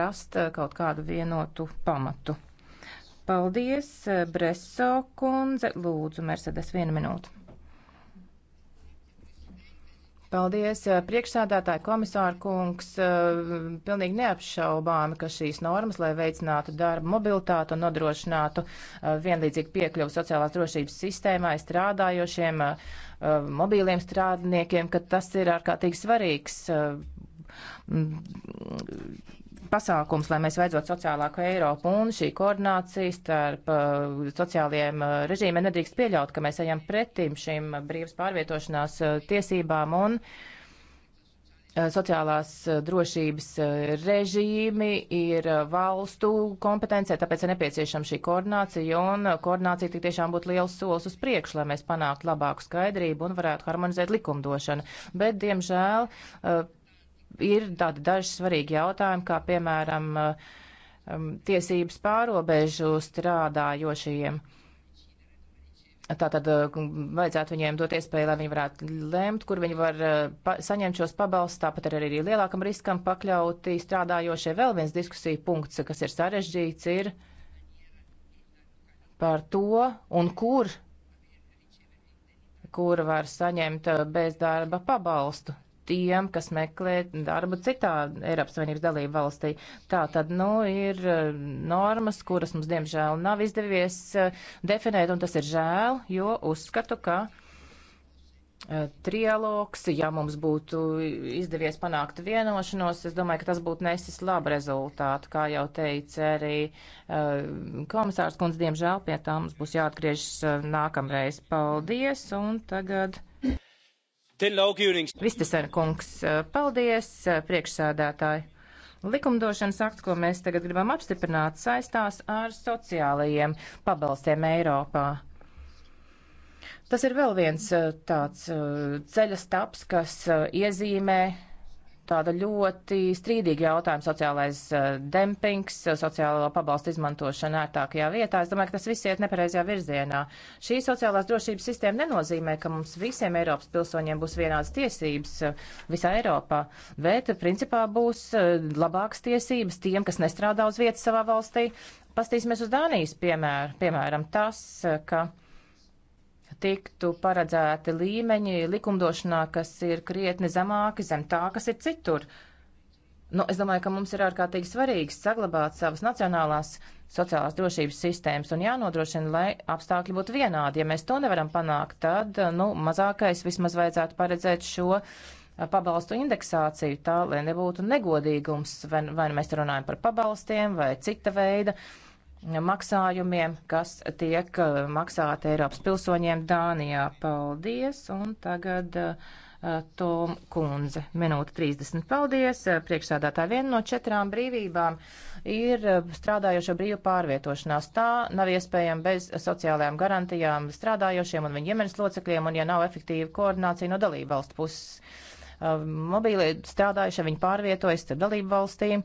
rast uh, kaut kādu vienotu pamatu. Paldies, Breso kundze. Lūdzu, Mercedes, vienu minūtu. Paldies, priekšsādātāji komisāra kungs. Pilnīgi neapšaubāmi, ka šīs normas, lai veicinātu darba mobilitātu un nodrošinātu vienlīdzīgu piekļuvu sociālās drošības sistēmai strādājošiem mobīliem strādniekiem, ka tas ir ārkārtīgi svarīgs pasākums, lai mēs veidot sociālāku Eiropu. Un šī koordinācija starp uh, sociālajiem uh, režīmiem nedrīkst pieļaut, ka mēs ejam pretim šīm brīvas pārvietošanās uh, tiesībām un uh, sociālās uh, drošības uh, režīmi ir valstu kompetencija, tāpēc ir nepieciešama šī koordinācija, un koordinācija tik tiešām būtu liels solis uz priekšu, lai mēs panāktu labāku skaidrību un varētu harmonizēt likumdošanu. Bet, diemžēl, ir tādi daži svarīgi jautājumi, kā piemēram um, tiesības pārobežu strādājošajiem. Tātad um, vajadzētu viņiem dot iespēju, lai viņi varētu lemt, kur viņi var uh, pa, saņemt šos pabalstus, tāpat arī, arī lielākam riskam pakļauti strādājošie. Vēl viens diskusija punkts, kas ir sarežģīts, ir par to un kur, kur var saņemt uh, bezdarba pabalstu tiem, kas meklē darbu citā Eiropas Savienības dalību valstī. Tā tad, nu, ir eh, normas, kuras mums, diemžēl, nav izdevies eh, definēt, un tas ir žēl, jo uzskatu, ka eh, trialogs, ja mums būtu izdevies panākt vienošanos, es domāju, ka tas būtu nesis labu rezultātu, kā jau teica arī komisārs kundze, diemžēl pie tā mums būs jāatgriežas nākamreiz. Paldies, un tagad Vistisena kungs, paldies, priekšsādātāji. Likumdošanas akts, ko mēs tagad gribam apstiprināt, saistās ar sociālajiem pabalstiem Eiropā. Tas ir vēl viens tāds ceļa staps, kas iezīmē tāda ļoti strīdīga jautājuma - sociālais eh, dempings, sociālo pabalstu izmantošana ērtākajā vietā. Es domāju, ka tas viss iet nepareizajā virzienā. Šī sociālās drošības sistēma nenozīmē, ka mums visiem Eiropas pilsoņiem būs vienādas tiesības eh, visā Eiropā, bet principā būs eh, labākas tiesības tiem, kas nestrādā uz vietas savā valstī. Pastīsimies uz Dānijas piemēru. Piemēram, tas, ka tiktu paredzēti līmeņi likumdošanā, kas ir krietni zemāki zem tā, kas ir citur. Nu, es domāju, ka mums ir ārkārtīgi svarīgi saglabāt savas nacionālās sociālās drošības sistēmas un jānodrošina, lai apstākļi būtu vienādi. Ja mēs to nevaram panākt, tad nu, mazākais vismaz vajadzētu paredzēt šo pabalstu indeksāciju, tā lai nebūtu negodīgums, vai, vai mēs runājam par pabalstiem vai cita veida uh, maksājumiem, kas tiek uh, maksāti Eiropas pilsoņiem Dānijā. Paldies! Un tagad uh, Tom Kunze, minūte 30. Paldies! Uh, Priekšsādātāja viena no četrām brīvībām ir strādājošo brīvu pārvietošanās. Tā nav iespējama bez sociālajām garantijām strādājošiem un viņu ģimenes locekļiem, un ja nav efektīva koordinācija no dalību valstu puses. Mobīlie strādājušie viņi pārvietojas starp dalību valstīm.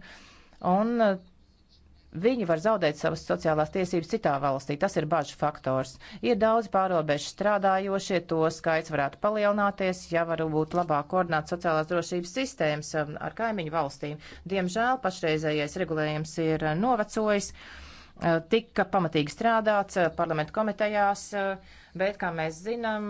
Un viņi var zaudēt savas sociālās tiesības citā valstī. Tas ir bažu faktors. Ir daudz pārobežu strādājošie, to skaits varētu palielināties, ja varbūt labāk koordinēt sociālās drošības sistēmas um, ar kaimiņu valstīm. Diemžēl pašreizējais regulējums ir uh, novecojis, uh, tika pamatīgi strādāts uh, parlamentu komitejās. Uh, bet, kā mēs zinām,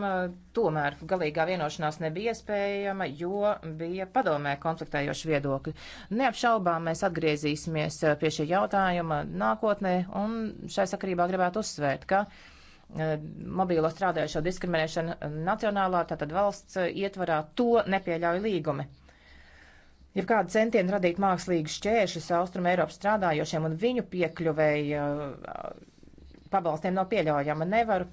tomēr galīgā vienošanās nebija iespējama, jo bija padomē konfliktējoši viedokļi. Neapšaubām mēs atgriezīsimies eh, pie šī jautājuma nākotnē, un šai sakarībā gribētu uzsvērt, ka eh, mobīlo strādājušo diskriminēšana nacionālā, tātad valsts eh, ietvarā, to nepieļauj līgumi. Ja kāda centiena radīt mākslīgu šķēršļus austrumu Eiropas strādājošiem un viņu piekļuvēja pabalstiem nav pieļaujama, nevaru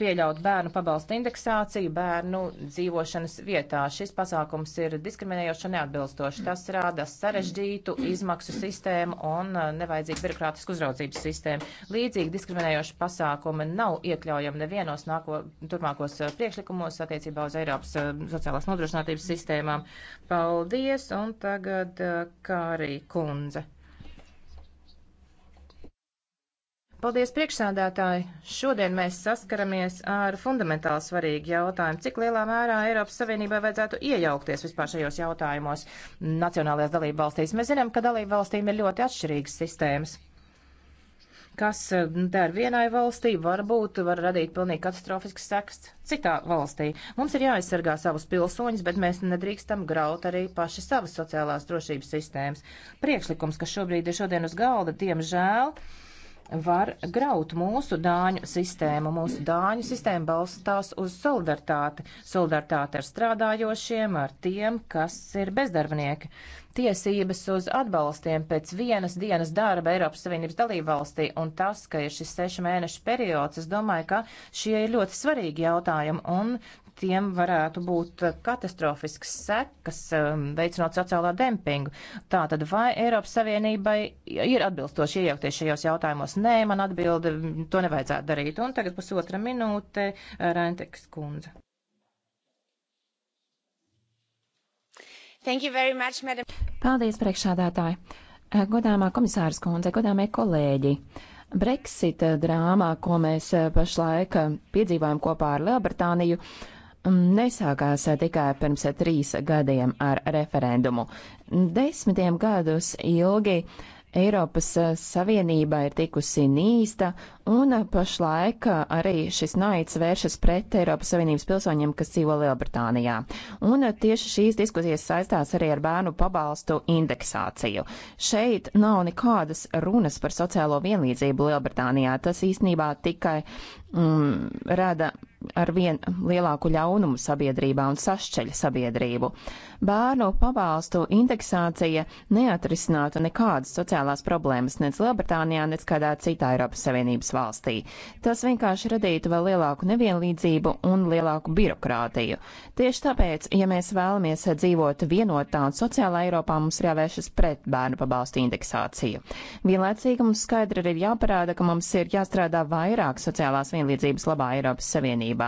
pieļaut bērnu pabalstu indeksāciju bērnu dzīvošanas vietā. Šis pasākums ir diskriminējoši un neatbilstoši. Tas rāda sarežģītu izmaksu sistēmu un uh, nevajadzīgu birokrātisku uzraudzības sistēmu. Līdzīgi diskriminējoši pasākumi nav iekļaujami nevienos nāko, turmākos uh, priekšlikumos attiecībā uz Eiropas uh, sociālās nodrošinātības sistēmām. Paldies, un tagad Kārī Kunze. Paldies, priekšsādātāji! Šodien mēs saskaramies ar fundamentāli svarīgu jautājumu, cik lielā mērā Eiropas Savienībai vajadzētu iejaukties vispār šajos jautājumos nacionālajās dalību valstīs. Mēs zinām, ka dalību valstīm ir ļoti atšķirīgas sistēmas. Kas der mm, vienai valstī, varbūt var radīt pilnīgi katastrofisks seks citā valstī. Mums ir jāaizsargā savus pilsoņus, bet mēs nedrīkstam graut arī paši savas sociālās drošības sistēmas. Priekšlikums, kas šobrīd ir šodien uz galda, diemžēl. Uh, var graut mūsu dāņu sistēmu. Mūsu dāņu sistēma balstās uz solidaritāti. Solidaritāti ar strādājošiem, ar tiem, kas ir bezdarbnieki. Tiesības uz atbalstiem pēc vienas dienas darba Eiropas Savienības dalībvalstī un tas, ka ir šis sešu mēnešu periods, es domāju, ka šie ir ļoti svarīgi jautājumi un tiem varētu būt uh, katastrofisks sekas, um, veicinot sociālā dempingu. Tātad vai Eiropas Savienībai ir atbilstoši iejaukties šajos jautājumos? Nē, man atbilde, mm, to nevajadzētu darīt. Un tagad pusotra minūte uh, Renteks kundze. Much, madam. Paldies, priekšādātāji. Uh, godāmā komisāras kundze, godāmie kolēģi. Brexit drāmā, ko mēs pašlaik piedzīvojam kopā ar Lielbritāniju, nesākās tikai pirms trīs gadiem ar referendumu. Desmitiem gadus ilgi Eiropas Savienība ir tikusi nīsta, un pašlaik arī šis naids vēršas pret Eiropas Savienības pilsoņiem, kas dzīvo Lielbritānijā. Un tieši šīs diskusijas saistās arī ar bērnu pabalstu indeksāciju. Šeit nav nekādas runas par sociālo vienlīdzību Lielbritānijā. Tas īstenībā tikai mm, rada ar vien lielāku ļaunumu sabiedrībā un sašķeļ sabiedrību. Bērnu pabalstu indeksācija neatrisinātu nekādas sociālās problēmas nec Lielbritānijā, nec kādā citā Eiropas Savienības valstī. Tas vienkārši radītu vēl lielāku nevienlīdzību un lielāku birokrātiju. Tieši tāpēc, ja mēs vēlamies dzīvot vienotā un sociālā Eiropā, mums ir jāvēršas pret bērnu pabalstu indeksāciju. Vienlaicīgi mums skaidri ir jāparāda, ka mums ir jāstrādā vairāk sociālās vienlīdzības labā Eiropas Savienībā. Savienībā.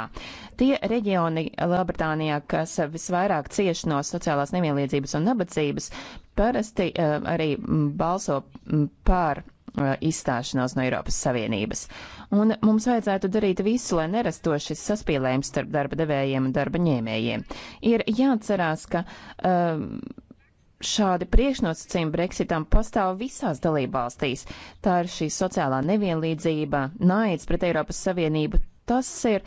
Tie reģioni Lielbritānijā, kas visvairāk cieši no sociālās nevienlīdzības un nabadzības, parasti eh, arī balso mm, par eh, izstāšanos no Eiropas Savienības. Un mums vajadzētu darīt visu, lai nerasto šis saspīlējums starp darba devējiem un darba ņēmējiem. Ir jāatcerās, ka um, šādi priekšnosacījumi Brexitam pastāv visās dalībvalstīs. Tā ir šī sociālā nevienlīdzība, naids pret Eiropas Savienību, Tas ir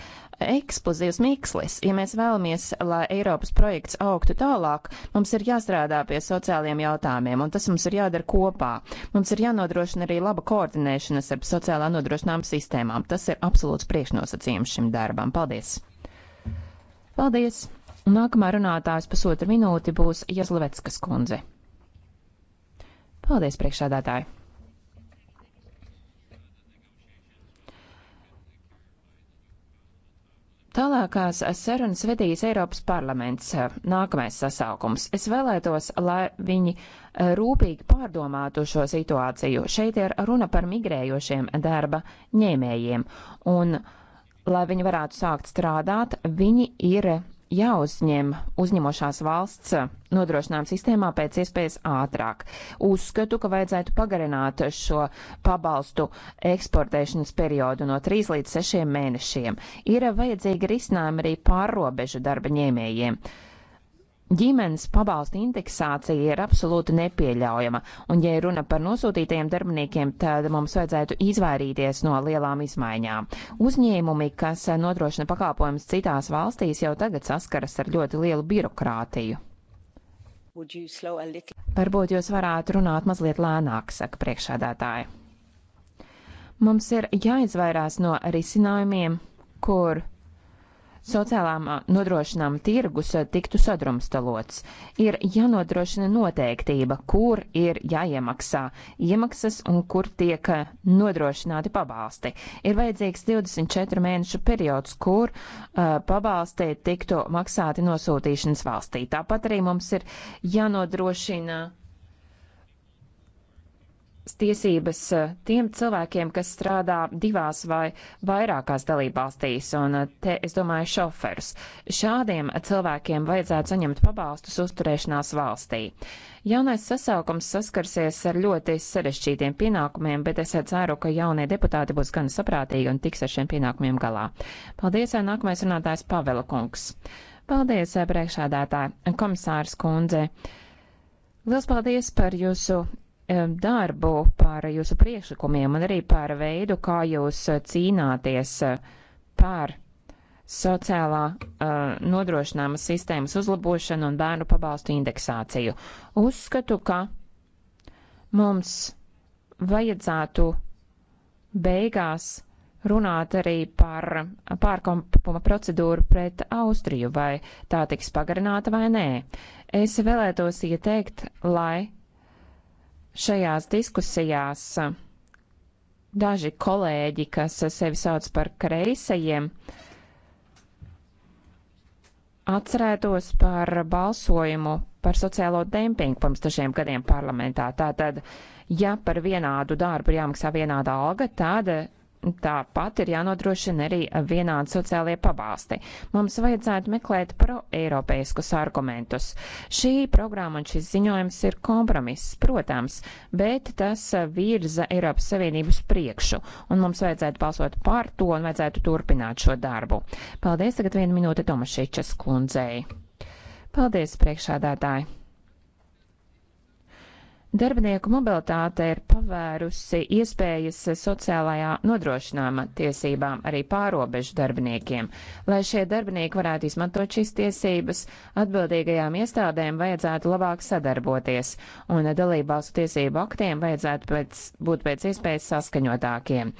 eksplozīvs mikslis. Ja mēs vēlamies, lai Eiropas projekts augtu tālāk, mums ir jāstrādā pie sociālajiem jautājumiem, un tas mums ir jādara kopā. Mums ir jānodrošina arī laba koordinēšanas ar sociālā nodrošinājuma sistēmām. Tas ir absolūts priekšnosacījums šim darbam. Paldies! Paldies! Nākamā runātājs pusotra minūte būs Jazlovetskas kundze. Paldies, priekšādātāji! Tālākās sarunas vedīs Eiropas parlaments eh, nākamais sasaukums. Es vēlētos, lai viņi eh, rūpīgi pārdomātu šo situāciju. Šeit ir runa par migrējošiem darba ņēmējiem, un, lai viņi varētu sākt strādāt, viņi ir jāuzņem uzņemošās valsts nodrošinājuma sistēmā pēc iespējas ātrāk. Uzskatu, ka vajadzētu pagarināt šo pabalstu eksportēšanas periodu no 3 līdz 6 mēnešiem. Ir vajadzīgi risinājumi arī pārrobežu darba ņēmējiem. Uh, Ģimenes pabalsta indeksācija ir absolūti nepieļaujama, un, ja runa par nosūtītajiem darbiniekiem, tad mums vajadzētu izvairīties no lielām izmaiņām. Uzņēmumi, kas nodrošina pakalpojumus citās valstīs, jau tagad saskaras ar ļoti lielu birokrātiju. Varbūt jūs varētu runāt mazliet lēnāk, saka priekšādātāji. Mums ir jāizvairās no risinājumiem, kur sociālām nodrošinām tirgus tiktu sadrumstalots. Ir jānodrošina noteiktība, kur ir jāiemaksā iemaksas un kur tiek nodrošināti pabalsti. Ir vajadzīgs 24 mēnešu periods, kur uh, pabalsti tiktu maksāti nosūtīšanas valstī. Tāpat arī mums ir jānodrošina tiesības eh, tiem cilvēkiem, kas strādā divās vai vairākās dalībvalstīs, un eh, te es domāju šoferus. Šādiem cilvēkiem vajadzētu saņemt pabalstus uzturēšanās valstī. Jaunais sasaukums saskarsies ar ļoti sarežģītiem pienākumiem, bet es ceru, ka jaunie deputāti būs gan saprātīgi un tiks ar šiem pienākumiem galā. Paldies, eh, nākamais runātājs Pavela kungs. Paldies, priekšādātāji, komisārs kundze. Liels paldies par jūsu Um, darbu, par jūsu priekšlikumiem un arī par veidu, kā jūs uh, cīnāties uh, par sociālā uh, nodrošinājuma sistēmas uzlabošanu un bērnu pabalstu indeksāciju. Uzskatu, ka mums vajadzētu beigās runāt arī par pārkompuma procedūru pret Austriju, vai tā tiks pagarināta vai nē. Es vēlētos ieteikt, lai šajās diskusijās daži kolēģi, kas sevi sauc par kreisajiem, atcerētos par balsojumu par sociālo dempingu pirms dažiem gadiem parlamentā. Tātad, ja par vienādu darbu ir jāmaksā vienāda alga, tad Tāpat ir jānodrošina arī vienādi sociālie pabalsti. Mums vajadzētu meklēt pro-eiropeiskus argumentus. Šī programma un šis ziņojums ir kompromiss, protams, bet tas virza Eiropas Savienības priekšu, un mums vajadzētu balsot par to un vajadzētu turpināt šo darbu. Paldies, tagad viena minūte Tomašīčas kundzei. Paldies, priekšādātāji! Darbinieku mobilitāte ir pavērusi iespējas sociālajā nodrošinājuma tiesībām arī pārobežu darbiniekiem. Lai šie darbinieki varētu izmantot šīs tiesības, atbildīgajām iestādēm vajadzētu labāk sadarboties, un dalībvalstu tiesību aktiem vajadzētu pēc, būt pēc iespējas saskaņotākiem.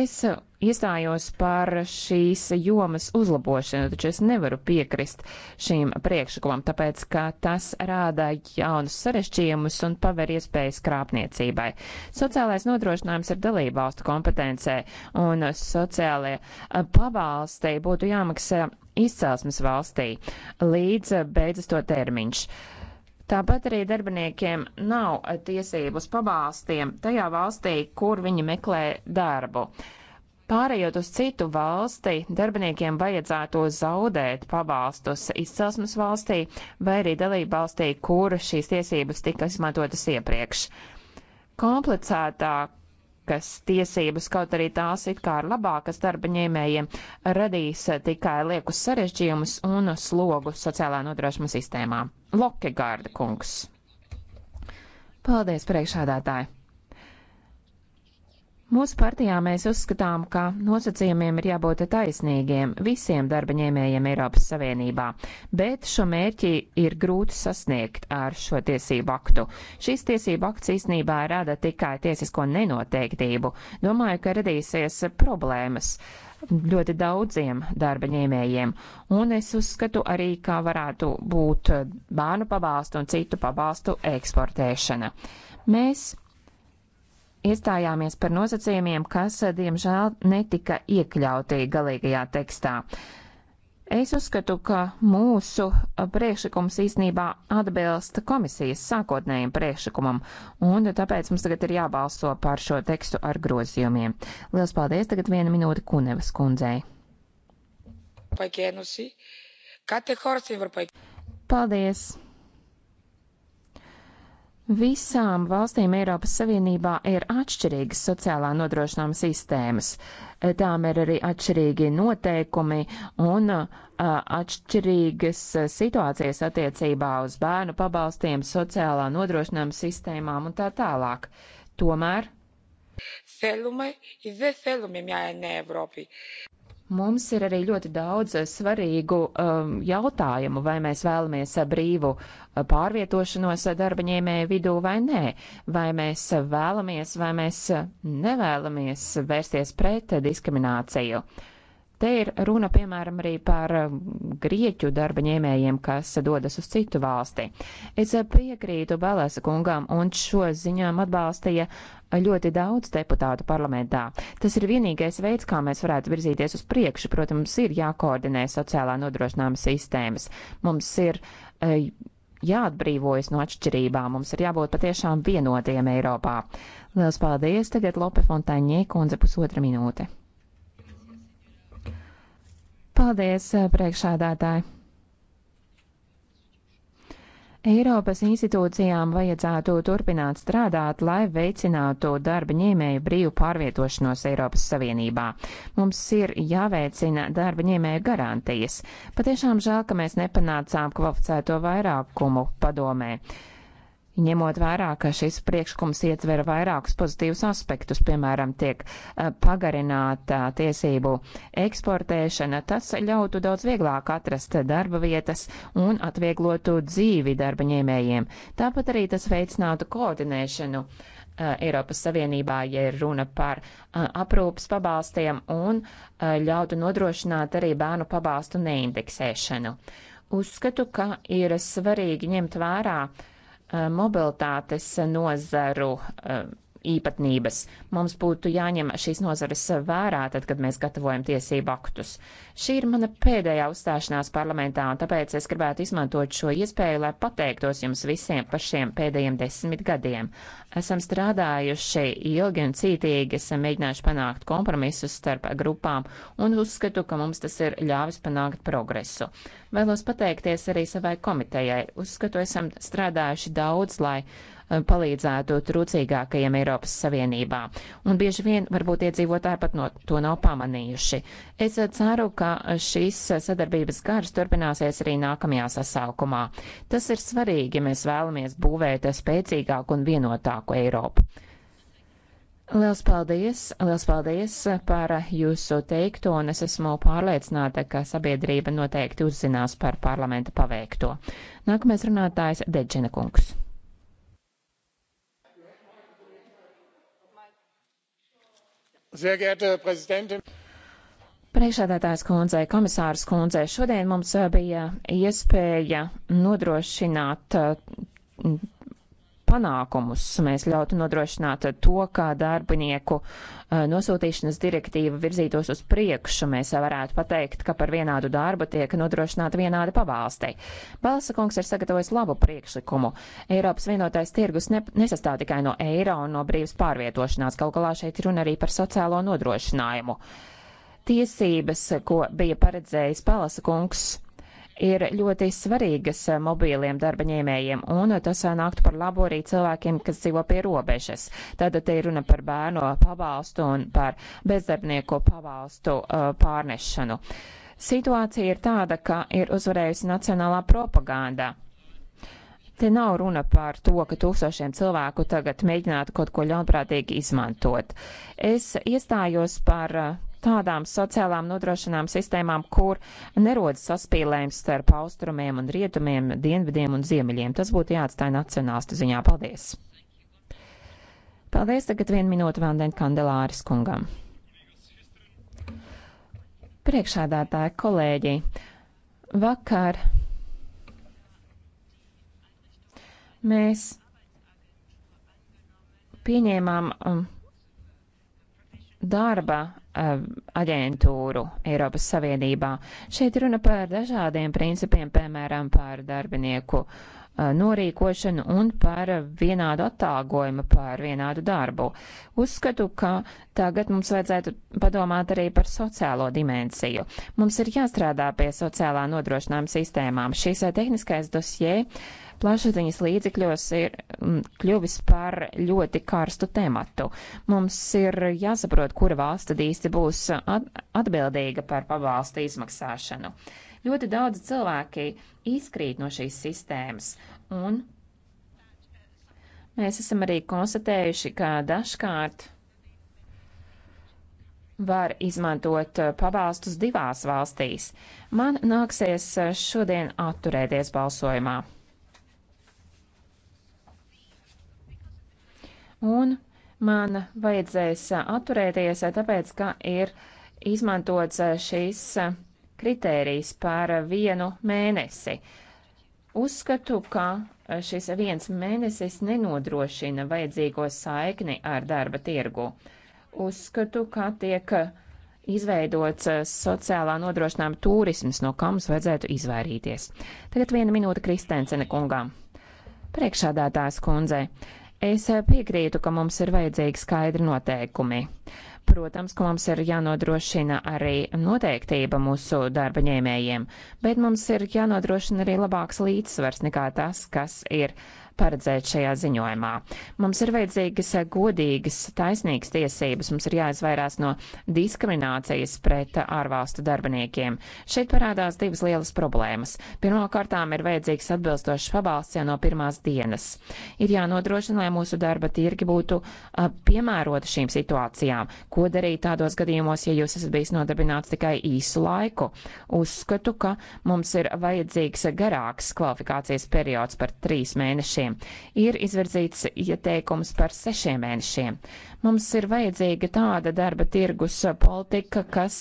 Es iestājos par šīs jomas uzlabošanu, taču es nevaru piekrist šīm priekšlikumam, tāpēc, ka tas rāda jaunus sarešķījumus un paver iespējas krāpniecībai. Sociālais nodrošinājums ir dalība valstu kompetencē, un sociālie pabalstī būtu jāmaksā izcelsmes valstī, līdz beidzas to termiņš. Tāpat arī darbiniekiem nav tiesības pabalstiem tajā valstī, kur viņi meklē darbu. Pārējot uz citu valsti, darbiniekiem vajadzētu zaudēt pabalstus izcelsmes valstī vai arī dalību valstī, kur šīs tiesības tika izmantotas iepriekš. Komplicētākas tiesības, kaut arī tās it kā ir labākas darbaņēmējiem, radīs tikai liekus sarežģījumus un slogu sociālā nodrošuma sistēmā. Lokegārda kungs. Paldies, priekšādātāji! Mūsu partijā mēs uzskatām, ka nosacījumiem ir jābūt taisnīgiem visiem darba ņēmējiem Eiropas Savienībā, bet šo mērķi ir grūti sasniegt ar šo tiesību aktu. Šis tiesību akts īsnībā rada tikai tiesisko nenoteiktību. Domāju, ka radīsies problēmas ļoti daudziem darba ņēmējiem, un es uzskatu arī, kā varētu būt bērnu pabalstu un citu pabalstu eksportēšana. Mēs iestājāmies par nosacījumiem, kas, diemžēl, netika iekļauti galīgajā tekstā. Es uzskatu, ka mūsu priekšlikums īsnībā atbilst komisijas sākotnējiem priekšlikumam, un tāpēc mums tagad ir jābalso par šo tekstu ar grozījumiem. Lielas paldies! Tagad viena minūte Kunevas kundzei. Paldies! Visām valstīm Eiropas Savienībā ir atšķirīgas sociālā nodrošinājuma sistēmas. Eh, tām ir arī atšķirīgi noteikumi un eh, atšķirīgas eh, situācijas attiecībā uz bērnu pabalstiem, sociālā nodrošinājuma sistēmām un tā tālāk. Tomēr. Θέλουμε ή δεν θέλουμε μια νέα Ευρώπη. Mums ir arī ļoti daudz eh, svarīgu um, jautājumu, vai mēs vēlamies eh, brīvu eh, pārvietošanos darba ņēmēju vidū vai nē, vai mēs vēlamies vai mēs nevēlamies vērsties pret diskrimināciju. Uh, Te ir runa, piemēram, arī par um, grieķu darba ņēmējiem, kas dodas uz citu valsti. Es uh, piekrītu Balēsa kungam, un šo ziņām atbalstīja ļoti daudz deputātu parlamentā. Tas ir vienīgais veids, kā mēs varētu virzīties uz priekšu. Protams, ir jākoordinē sociālā nodrošinājuma sistēmas. Mums ir uh, jāatbrīvojas no atšķirībām, mums ir jābūt patiešām vienotiem Eiropā. Lielas paldies! Tagad Lope Fontaņie kundze pusotra minūte. Paldies, eh, priekšādātāji! Eiropas institūcijām vajadzētu turpināt strādāt, lai veicinātu darba ņēmēju brīvu pārvietošanos Eiropas Savienībā. Mums ir jāveicina darba ņēmēju garantijas. Patiešām žēl, ka mēs nepanācām kvalificēto vairākumu padomē. Ņemot vērā, ka šis priekšlikums ietver vairākus pozitīvus aspektus, piemēram, tiek eh, pagarināta tiesību eksportēšana, tas ļautu daudz vieglāk atrast darba vietas un atvieglotu dzīvi darba ņēmējiem. Tāpat arī tas veicinātu koordinēšanu. Eh, Eiropas Savienībā, ja ir runa par eh, aprūpas pabalstiem un ļautu nodrošināt arī bērnu pabalstu neindeksēšanu. Uzskatu, ka ir svarīgi ņemt vērā uh, mobilitātes nozaru eh, īpatnības. Mums būtu jāņem šīs nozares vērā, tad, kad mēs gatavojam tiesību aktus. Šī ir mana pēdējā uzstāšanās parlamentā, un tāpēc es gribētu izmantot šo iespēju, lai pateiktos jums visiem par šiem pēdējiem desmit gadiem. Esam strādājuši ilgi un cītīgi, esam mēģinājuši panākt kompromisus starp grupām, un uzskatu, ka mums tas ir ļāvis panākt progresu. Vēlos pateikties arī savai komitejai. Uzskatu, esam strādājuši daudz, lai palīdzētu trūcīgākajiem Eiropas Savienībā. Un bieži vien varbūt iedzīvotāji pat no to nav pamanījuši. Es ceru, ka šis sadarbības gars turpināsies arī nākamajā sasaukumā. Tas ir svarīgi, ja mēs vēlamies būvēt spēcīgāku un vienotāku Eiropu. Liels paldies! Liels paldies par jūsu teikto, un es esmu pārliecināta, ka sabiedrība noteikti uzzinās par parlamenta paveikto. Nākamais runātājs Deģina kungs. Priekšādātājs kundzei, komisārs kundzei, šodien mums uh, bija iespēja nodrošināt uh, panākumus. Mēs ļautu nodrošināt to, kā darbinieku eh, nosūtīšanas direktīva virzītos uz priekšu. Mēs varētu pateikt, ka par vienādu darbu tiek nodrošināta vienāda pabalstei. Balsa kungs ir sagatavojis labu priekšlikumu. Eiropas vienotais tirgus ne, nesastāv tikai no eiro un no brīvas pārvietošanās. Kaut galā šeit runa arī par sociālo nodrošinājumu. Tiesības, ko bija paredzējis Palasa kungs, ir ļoti svarīgas eh, mobīliem darba ņēmējiem, un tas eh, nāktu par labu arī cilvēkiem, kas dzīvo pie robežas. Tātad te ir runa par bērnu pabalstu un par bezdarbnieku pabalstu eh, pārnešanu. Situācija ir tāda, ka ir uzvarējusi nacionālā propaganda. Te nav runa par to, ka tūkstošiem cilvēku tagad mēģinātu kaut ko ļaunprātīgi izmantot. Es iestājos par tādām sociālām nodrošinām sistēmām, kur nerodas saspīlējums starp austrumiem un rietumiem, dienvidiem un ziemeļiem. Tas būtu jāatstāja nacionālistu ziņā. Paldies! Paldies tagad vienu minūtu Vandēn Kandelāris kungam. Priekšādātāji, kolēģi, vakar mēs pieņēmām um, darba Eh, aģentūru Eiropas Savienībā. Šeit runa par dažādiem principiem, piemēram, par darbinieku uh, Uh, norīkošanu un par vienādu atalgojumu par vienādu darbu. Uzskatu, ka tagad mums vajadzētu padomāt arī par sociālo dimensiju. Mums ir jāstrādā pie sociālā nodrošinājuma sistēmām. Šīs uh, tehniskais dosie plašsaziņas līdzekļos ir mm, kļuvis par ļoti karstu tematu. Mums ir jāsaprot, kura valsts tad īsti būs atbildīga par pabalstu izmaksāšanu. Uh, Ļoti daudz cilvēki izkrīt no šīs sistēmas, un mēs esam arī konstatējuši, ka dažkārt var izmantot uh, pabalstus divās valstīs. Man nāksies uh, šodien atturēties balsojumā. Un man vajadzēs uh, atturēties, tāpēc, ka ir izmantots šīs kritērijs par vienu mēnesi. Uzskatu, ka šis viens mēnesis nenodrošina vajadzīgo saikni ar darba tirgu. Uzskatu, ka tiek izveidots sociālā nodrošinājuma turisms, no kā mums vajadzētu izvairīties. Tagad viena minūte Kristēncene kungām. Priekšādātājs kundzei. Es piekrītu, ka mums ir vajadzīgi skaidri noteikumi. Protams, ka mums ir jānodrošina arī noteiktība mūsu darba ņēmējiem, bet mums ir jānodrošina arī labāks līdzsvars nekā tas, kas ir uh, paredzēt šajā ziņojumā. Mums ir vajadzīgas godīgas, taisnīgas tiesības, mums ir jāizvairās no diskriminācijas pret ārvalstu darbiniekiem. Šeit parādās divas lielas problēmas. Pirmkārtām ir vajadzīgs atbilstošs pabalsts jau no pirmās dienas. Ir jānodrošina, lai mūsu darba tirgi būtu piemēroti šīm situācijām. Ko darīt tādos gadījumos, ja jūs esat bijis nodarbināts tikai īsu laiku? Uzskatu, ka mums ir vajadzīgs garāks kvalifikācijas periods par trīs mēnešiem mēnešiem, ir izvirzīts ieteikums par sešiem mēnešiem. Mums ir vajadzīga tāda darba tirgus politika, kas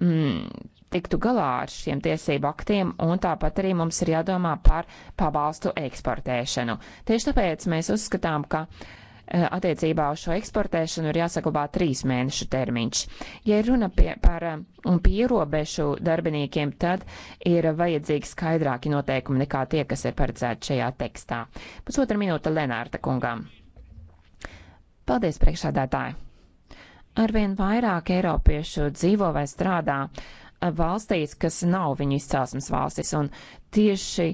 mm, tiktu galā ar šiem tiesību aktiem, un tāpat arī mums ir jādomā par pabalstu eksportēšanu. Tieši tāpēc mēs uzskatām, ka uh, Eh, attiecībā uz šo eksportēšanu ir jāsaglabā trīs mēnešu termiņš. Ja ir runa pie, par eh, pierobežu darbiniekiem, tad ir vajadzīgi skaidrāki noteikumi nekā tie, kas ir paredzēti šajā tekstā. Pusotra minūte Lenārta kungām. Paldies, priekšādātāji! Arvien vairāk eiropiešu dzīvo vai strādā valstīs, kas nav viņu izcelsmes valstis, un tieši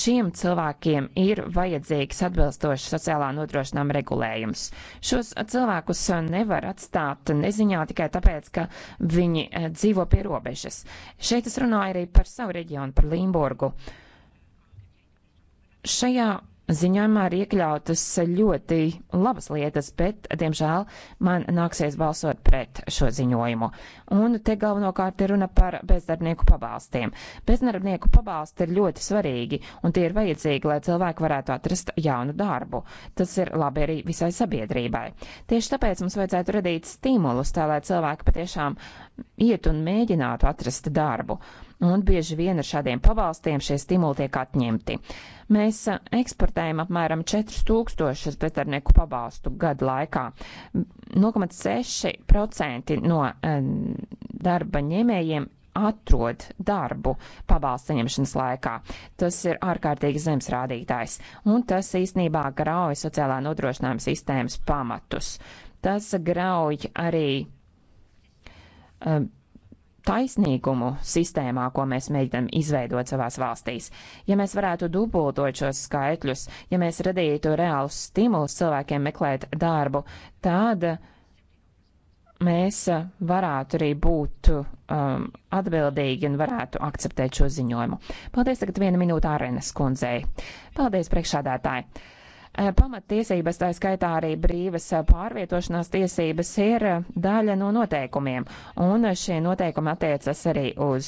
šiem cilvēkiem ir vajadzīgs atbilstošs sociālā nodrošinājuma regulējums. Šos cilvēkus nevar atstāt neziņā tikai tāpēc, ka viņi eh, dzīvo pie robežas. Šeit es runāju arī par savu reģionu, par Limburgu. Šajā Ziņojumā ir iekļautas ļoti labas lietas, bet, diemžēl, man nāksies balsot pret šo ziņojumu. Un te galvenokārt ir runa par bezdarbnieku pabalstiem. Bezdarbnieku pabalsti ir ļoti svarīgi, un tie ir vajadzīgi, lai cilvēki varētu atrast jaunu darbu. Tas ir labi arī visai sabiedrībai. Tieši tāpēc mums vajadzētu radīt stimulus, tā lai cilvēki patiešām iet un mēģinātu atrast darbu. Un bieži vien ar šādiem pabalstiem šie stimuli tiek atņemti. Uh, Mēs uh, eksportējam apmēram 4000 bezdarbnieku pabalstu gadu laikā. 0,6% no um, darba ņēmējiem atrod darbu pabalsta saņemšanas laikā. Tas ir ārkārtīgi zems rādītājs, un tas īsnībā grauj sociālā nodrošinājuma sistēmas pamatus. Tas grauj arī um, taisnīgumu sistēmā, ko mēs mēģinam izveidot savās valstīs. Ja mēs varētu dubultot šos skaitļus, ja mēs radītu reālus stimulus cilvēkiem meklēt darbu, tad mēs varētu arī būt um, atbildīgi un varētu akceptēt šo ziņojumu. Paldies tagad viena minūte Arenas kundzei. Paldies priekšādātāji. Eh, pamattiesības, tā skaitā arī brīvas eh, pārvietošanās tiesības, ir eh, daļa no noteikumiem, un šie noteikumi attiecas arī uz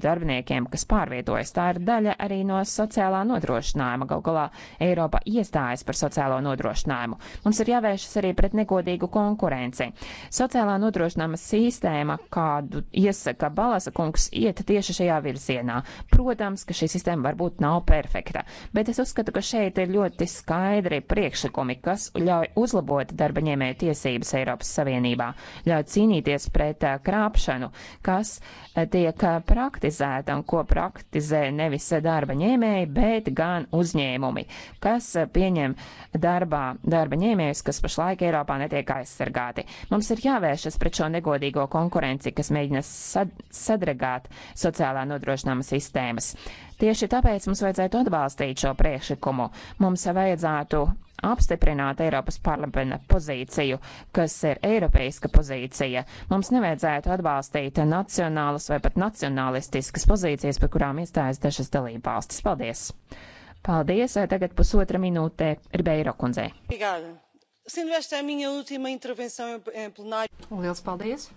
darbiniekiem, kas pārvietojas. Tā ir daļa arī no sociālā nodrošinājuma. Gal galā Eiropa iestājas par sociālo nodrošinājumu. Mums ir jāvēršas arī pret negodīgu konkurenci. Sociālā nodrošinājuma sistēma, kādu iesaka Balasa kungs, iet tieši šajā virzienā. Protams, ka šī sistēma varbūt nav perfekta, bet es uzskatu, ka šeit ir ļoti skaidrs skaidri priekšlikumi, kas ļauj uzlabot darba ņēmēju tiesības Eiropas Savienībā, ļauj cīnīties pret krāpšanu, kas tiek praktizēta un ko praktizē nevis darba ņēmēji, bet gan uzņēmumi, kas pieņem darbā darba ņēmējus, kas pašlaik Eiropā netiek aizsargāti. Mums ir jāvēršas pret šo negodīgo konkurenci, kas mēģina sad sadragāt sociālā nodrošinājuma sistēmas. Tieši tāpēc mums vajadzētu atbalstīt šo priekšlikumu. Mums vajadzētu apstiprināt Eiropas parlamenta pozīciju, kas ir eiropeiska pozīcija. Mums nevajadzētu atbalstīt nacionālas vai pat nacionalistiskas pozīcijas, par kurām iestājas dažas dalībvalstis. Paldies! Paldies! Tagad pusotra minūte ir Beiro kundzei. Liels paldies!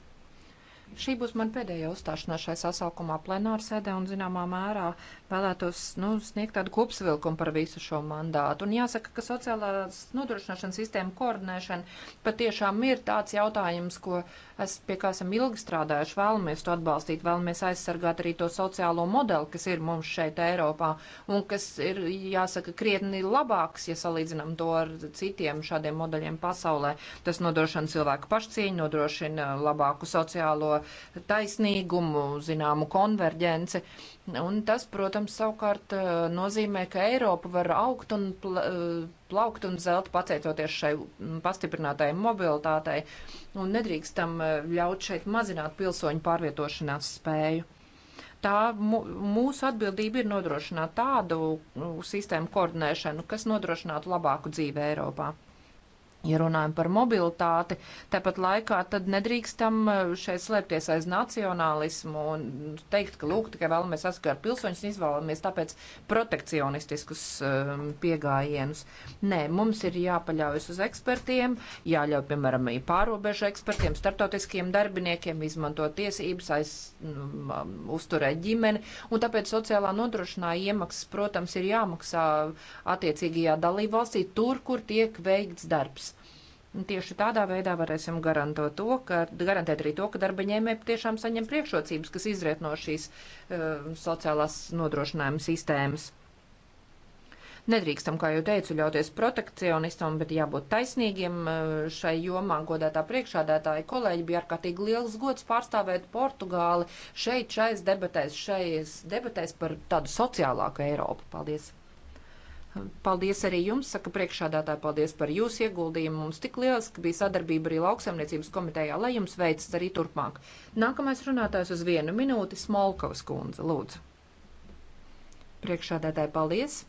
Šī būs man pēdējā uzstāšanās šai sasaukumā plenāra sēdē un, zināmā mērā, vēlētos nu, sniegt tādu kopsvilkumu par visu šo mandātu. Un jāsaka, ka sociālās nodrošināšanas sistēma koordinēšana patiešām ir tāds jautājums, ko es, pie kā esam ilgi strādājuši, vēlamies to atbalstīt, vēlamies aizsargāt arī to sociālo modeli, kas ir mums šeit Eiropā un kas ir, jāsaka, krietni labāks, ja salīdzinām to ar citiem šādiem modeļiem pasaulē. Tas nodrošina cilvēku pašcieņu, nodrošina labāku sociālo taisnīgumu, zināmu konverģenci. Un tas, protams, savukārt eh, nozīmē, ka Eiropa var augt un eh, plaukt un zelt pateicoties šai pastiprinātajai mobilitātei. Un nedrīkstam eh, ļaut šeit mazināt pilsoņu pārvietošanās spēju tā mūsu atbildība ir nodrošināt tādu sistēmu koordinēšanu, kas nodrošinātu labāku dzīvi Eiropā. Ja runājam par mobilitāti, tāpat laikā tad nedrīkstam e, šeit slēpties aiz nacionālismu un teikt, ka lūk, tikai vēlamies aizskart pilsoņus un izvēlamies tāpēc protekcionistiskus um, piegājienus. Nē, mums ir jāpaļaujas uz ekspertiem, jāļauj, piemēram, pārobežu ekspertiem, startautiskiem darbiniekiem izmantot tiesības, aiz, um, uzturēt ģimeni, un tāpēc sociālā nodrošinājuma iemaksas, protams, ir jāmaksā attiecīgajā dalībvalstī tur, kur tiek veikts darbs. Tieši tādā veidā varēsim garantēt, to, ka, garantēt arī to, ka darba ņēmēji tiešām saņem priekšrocības, kas izriet no šīs uh, sociālās nodrošinājuma sistēmas. Nedrīkstam, kā jau teicu, ļauties protekcionistam, bet jābūt taisnīgiem eh, šai jomā. Godētā priekšādētāja kolēģi bija ārkārtīgi liels gods pārstāvēt Portugāli šeit, šais debatēs, šais debatēs par tādu sociālāku Eiropu. Paldies! Paldies arī jums, saka priekšādātā, paldies par jūsu ieguldījumu. Mums tik liels, ka bija sadarbība arī lauksaimniecības komitejā, lai jums veicas arī turpmāk. Nākamais runātājs uz vienu minūti - Smolkovs kundze, lūdzu. Priekšādātāji, paldies!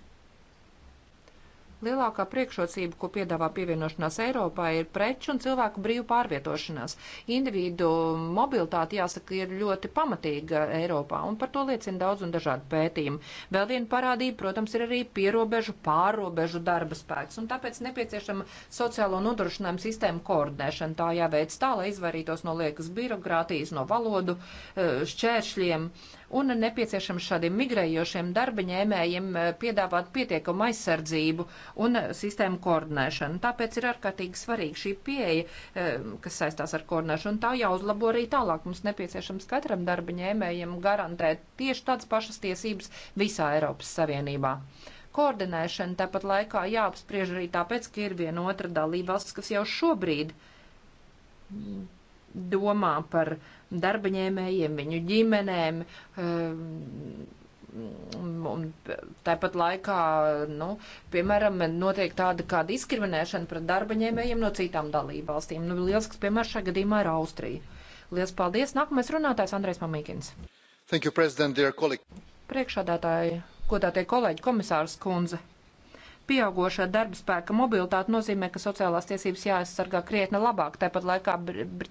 Lielākā priekšrocība, ko piedāvā pievienošanās Eiropā, ir preču un cilvēku brīvu pārvietošanās. Individu mobilitāte, jāsaka, ir ļoti pamatīga Eiropā, un par to liecina daudz un dažādi pētījumi. Vēl viena parādība, protams, ir arī pierobežu, pārobežu darba spēks, un tāpēc nepieciešama sociālo nodrošinājumu sistēmu koordinēšana. Tā jāveic tā, lai izvairītos no liekas birokrātijas, no valodu eh, šķēršļiem. Uh, un nepieciešams šādiem migrējošiem darbaņēmējiem eh, piedāvāt pietiekumu aizsardzību un eh, sistēmu koordinēšanu. Tāpēc ir ārkārtīgi svarīga šī pieeja, eh, kas saistās ar koordinēšanu. Tā jāuzlabo arī tālāk. Mums nepieciešams katram darbaņēmējiem garantēt tieši tādas pašas tiesības visā Eiropas Savienībā koordinēšana tāpat laikā jāapspriež arī tāpēc, ka ir viena otra dalībvalsts, kas jau šobrīd domā par darba ņēmējiem, viņu ģimenēm. Ehm, un tāpat laikā, nu, piemēram, notiek tāda kā diskriminēšana pret darba ņēmējiem no citām dalībvalstīm. Nu, liels, kas piemērs šajā gadījumā ir Austrija. Liels paldies. Nākamais runātājs Andrēs Mamīkins. Thank you, President, dear colleague. Priekšādātāji, godātie kolēģi, komisārs Kunze pieaugošā darba spēka mobilitāte nozīmē, ka sociālās tiesības jāaizsargā krietni labāk. Tāpat laikā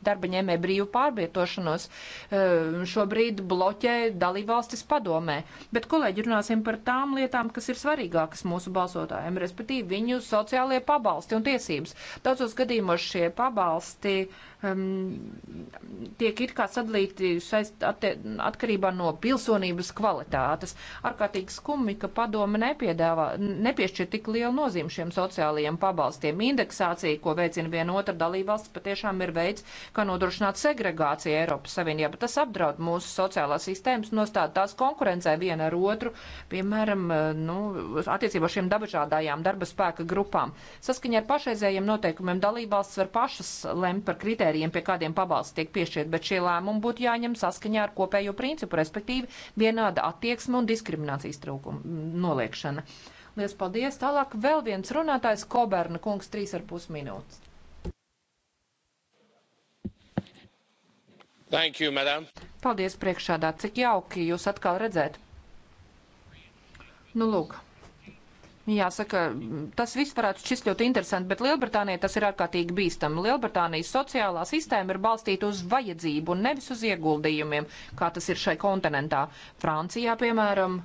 darba ņēmē brīvu pārvietošanos eh, šobrīd bloķē dalībvalstis padomē. Bet, kolēģi, runāsim par tām lietām, kas ir svarīgākas mūsu balsotājiem, respektīvi viņu sociālie pabalsti un tiesības. Daudzos gadījumos šie pabalsti. Uh, um, tiek it kā sadalīti saist, at, atkarībā no pilsonības kvalitātes. Ārkārtīgi skumji, ka padome nepiedāvā, nepiešķir tik lielu nozīmi šiem sociālajiem pabalstiem. Indeksācija, ko veicina viena otra dalībvalsts, patiešām ir veids, kā nodrošināt segregāciju Eiropas Savienībā. Tas apdraud mūsu sociālās sistēmas, nostāda tās konkurencē viena ar otru, piemēram, uh, nu, attiecībā šiem dabažādājām darba spēka grupām. Saskaņā ar pašreizējiem noteikumiem dalībvalsts var pašas lemt par kritērijiem kritērijiem, pie kādiem pabalsti tiek piešķirt, bet šie lēmumi būtu jāņem saskaņā ar kopējo principu, respektīvi vienāda attieksme un diskriminācijas trūkuma mm, noliekšana. Lielas paldies! Tālāk vēl viens runātājs Koberna kungs, trīs ar pus minūtes. Thank you, madam. Paldies priekšādā, cik jauki jūs atkal redzēt. Nu, lūk. Jāsaka, tas viss varētu šķist ļoti interesanti, bet Lielbritānijai tas ir ārkārtīgi bīstami. Lielbritānijas sociālā sistēma ir balstīta uz vajadzību un nevis uz ieguldījumiem, kā tas ir šai kontinentā. Francijā, piemēram,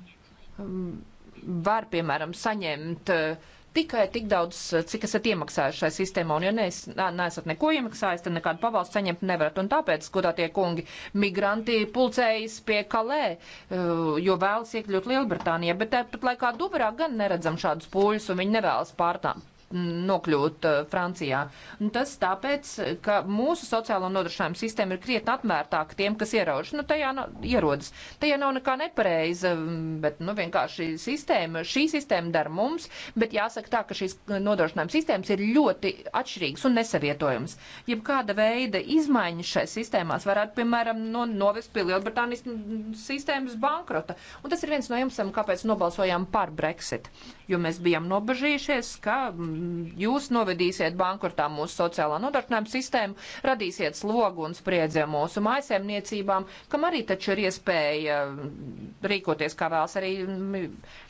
var, piemēram, saņemt uh, tikai tik daudz, eh, cik esat iemaksājuši šai sistēmā, un ja nes, nesat neko iemaksājis, tad nekādu pabalstu saņemt nevarat. Un tāpēc, kurā tie kungi, migranti pulcējas pie Kalē, eh, jo vēlas iekļūt Lielbritānijā, bet tāpat eh, laikā Dubrā gan neredzam šādus pūļus, un viņi nevēlas pārtām nokļūt eh, Francijā. Un tas tāpēc, ka mūsu sociālo nodrošinājumu sistēma ir krietni atvērtāka tiem, kas ierauž. Nu, tajā no, ierodas. Tajā nav nekā nepareiza, mm, bet, nu, vienkārši sistēma, šī sistēma dar mums, bet jāsaka tā, ka šīs nodrošinājuma sistēmas ir ļoti atšķirīgas un nesavietojums. Ja kāda veida izmaiņas šai sistēmās varētu, piemēram, no, novest pie Lielbritānijas mm, sistēmas bankrota. Un tas ir viens no jums, kāpēc nobalsojām par Brexit jo mēs bijām nobežījušies, ka mm, jūs novedīsiet bankrotā mūsu sociālā nodarbinājuma sistēmu, radīsiet slogu un spriedzi mūsu mājasēmniecībām, kam arī taču ir iespēja mm, rīkoties, kā vēlas arī mm,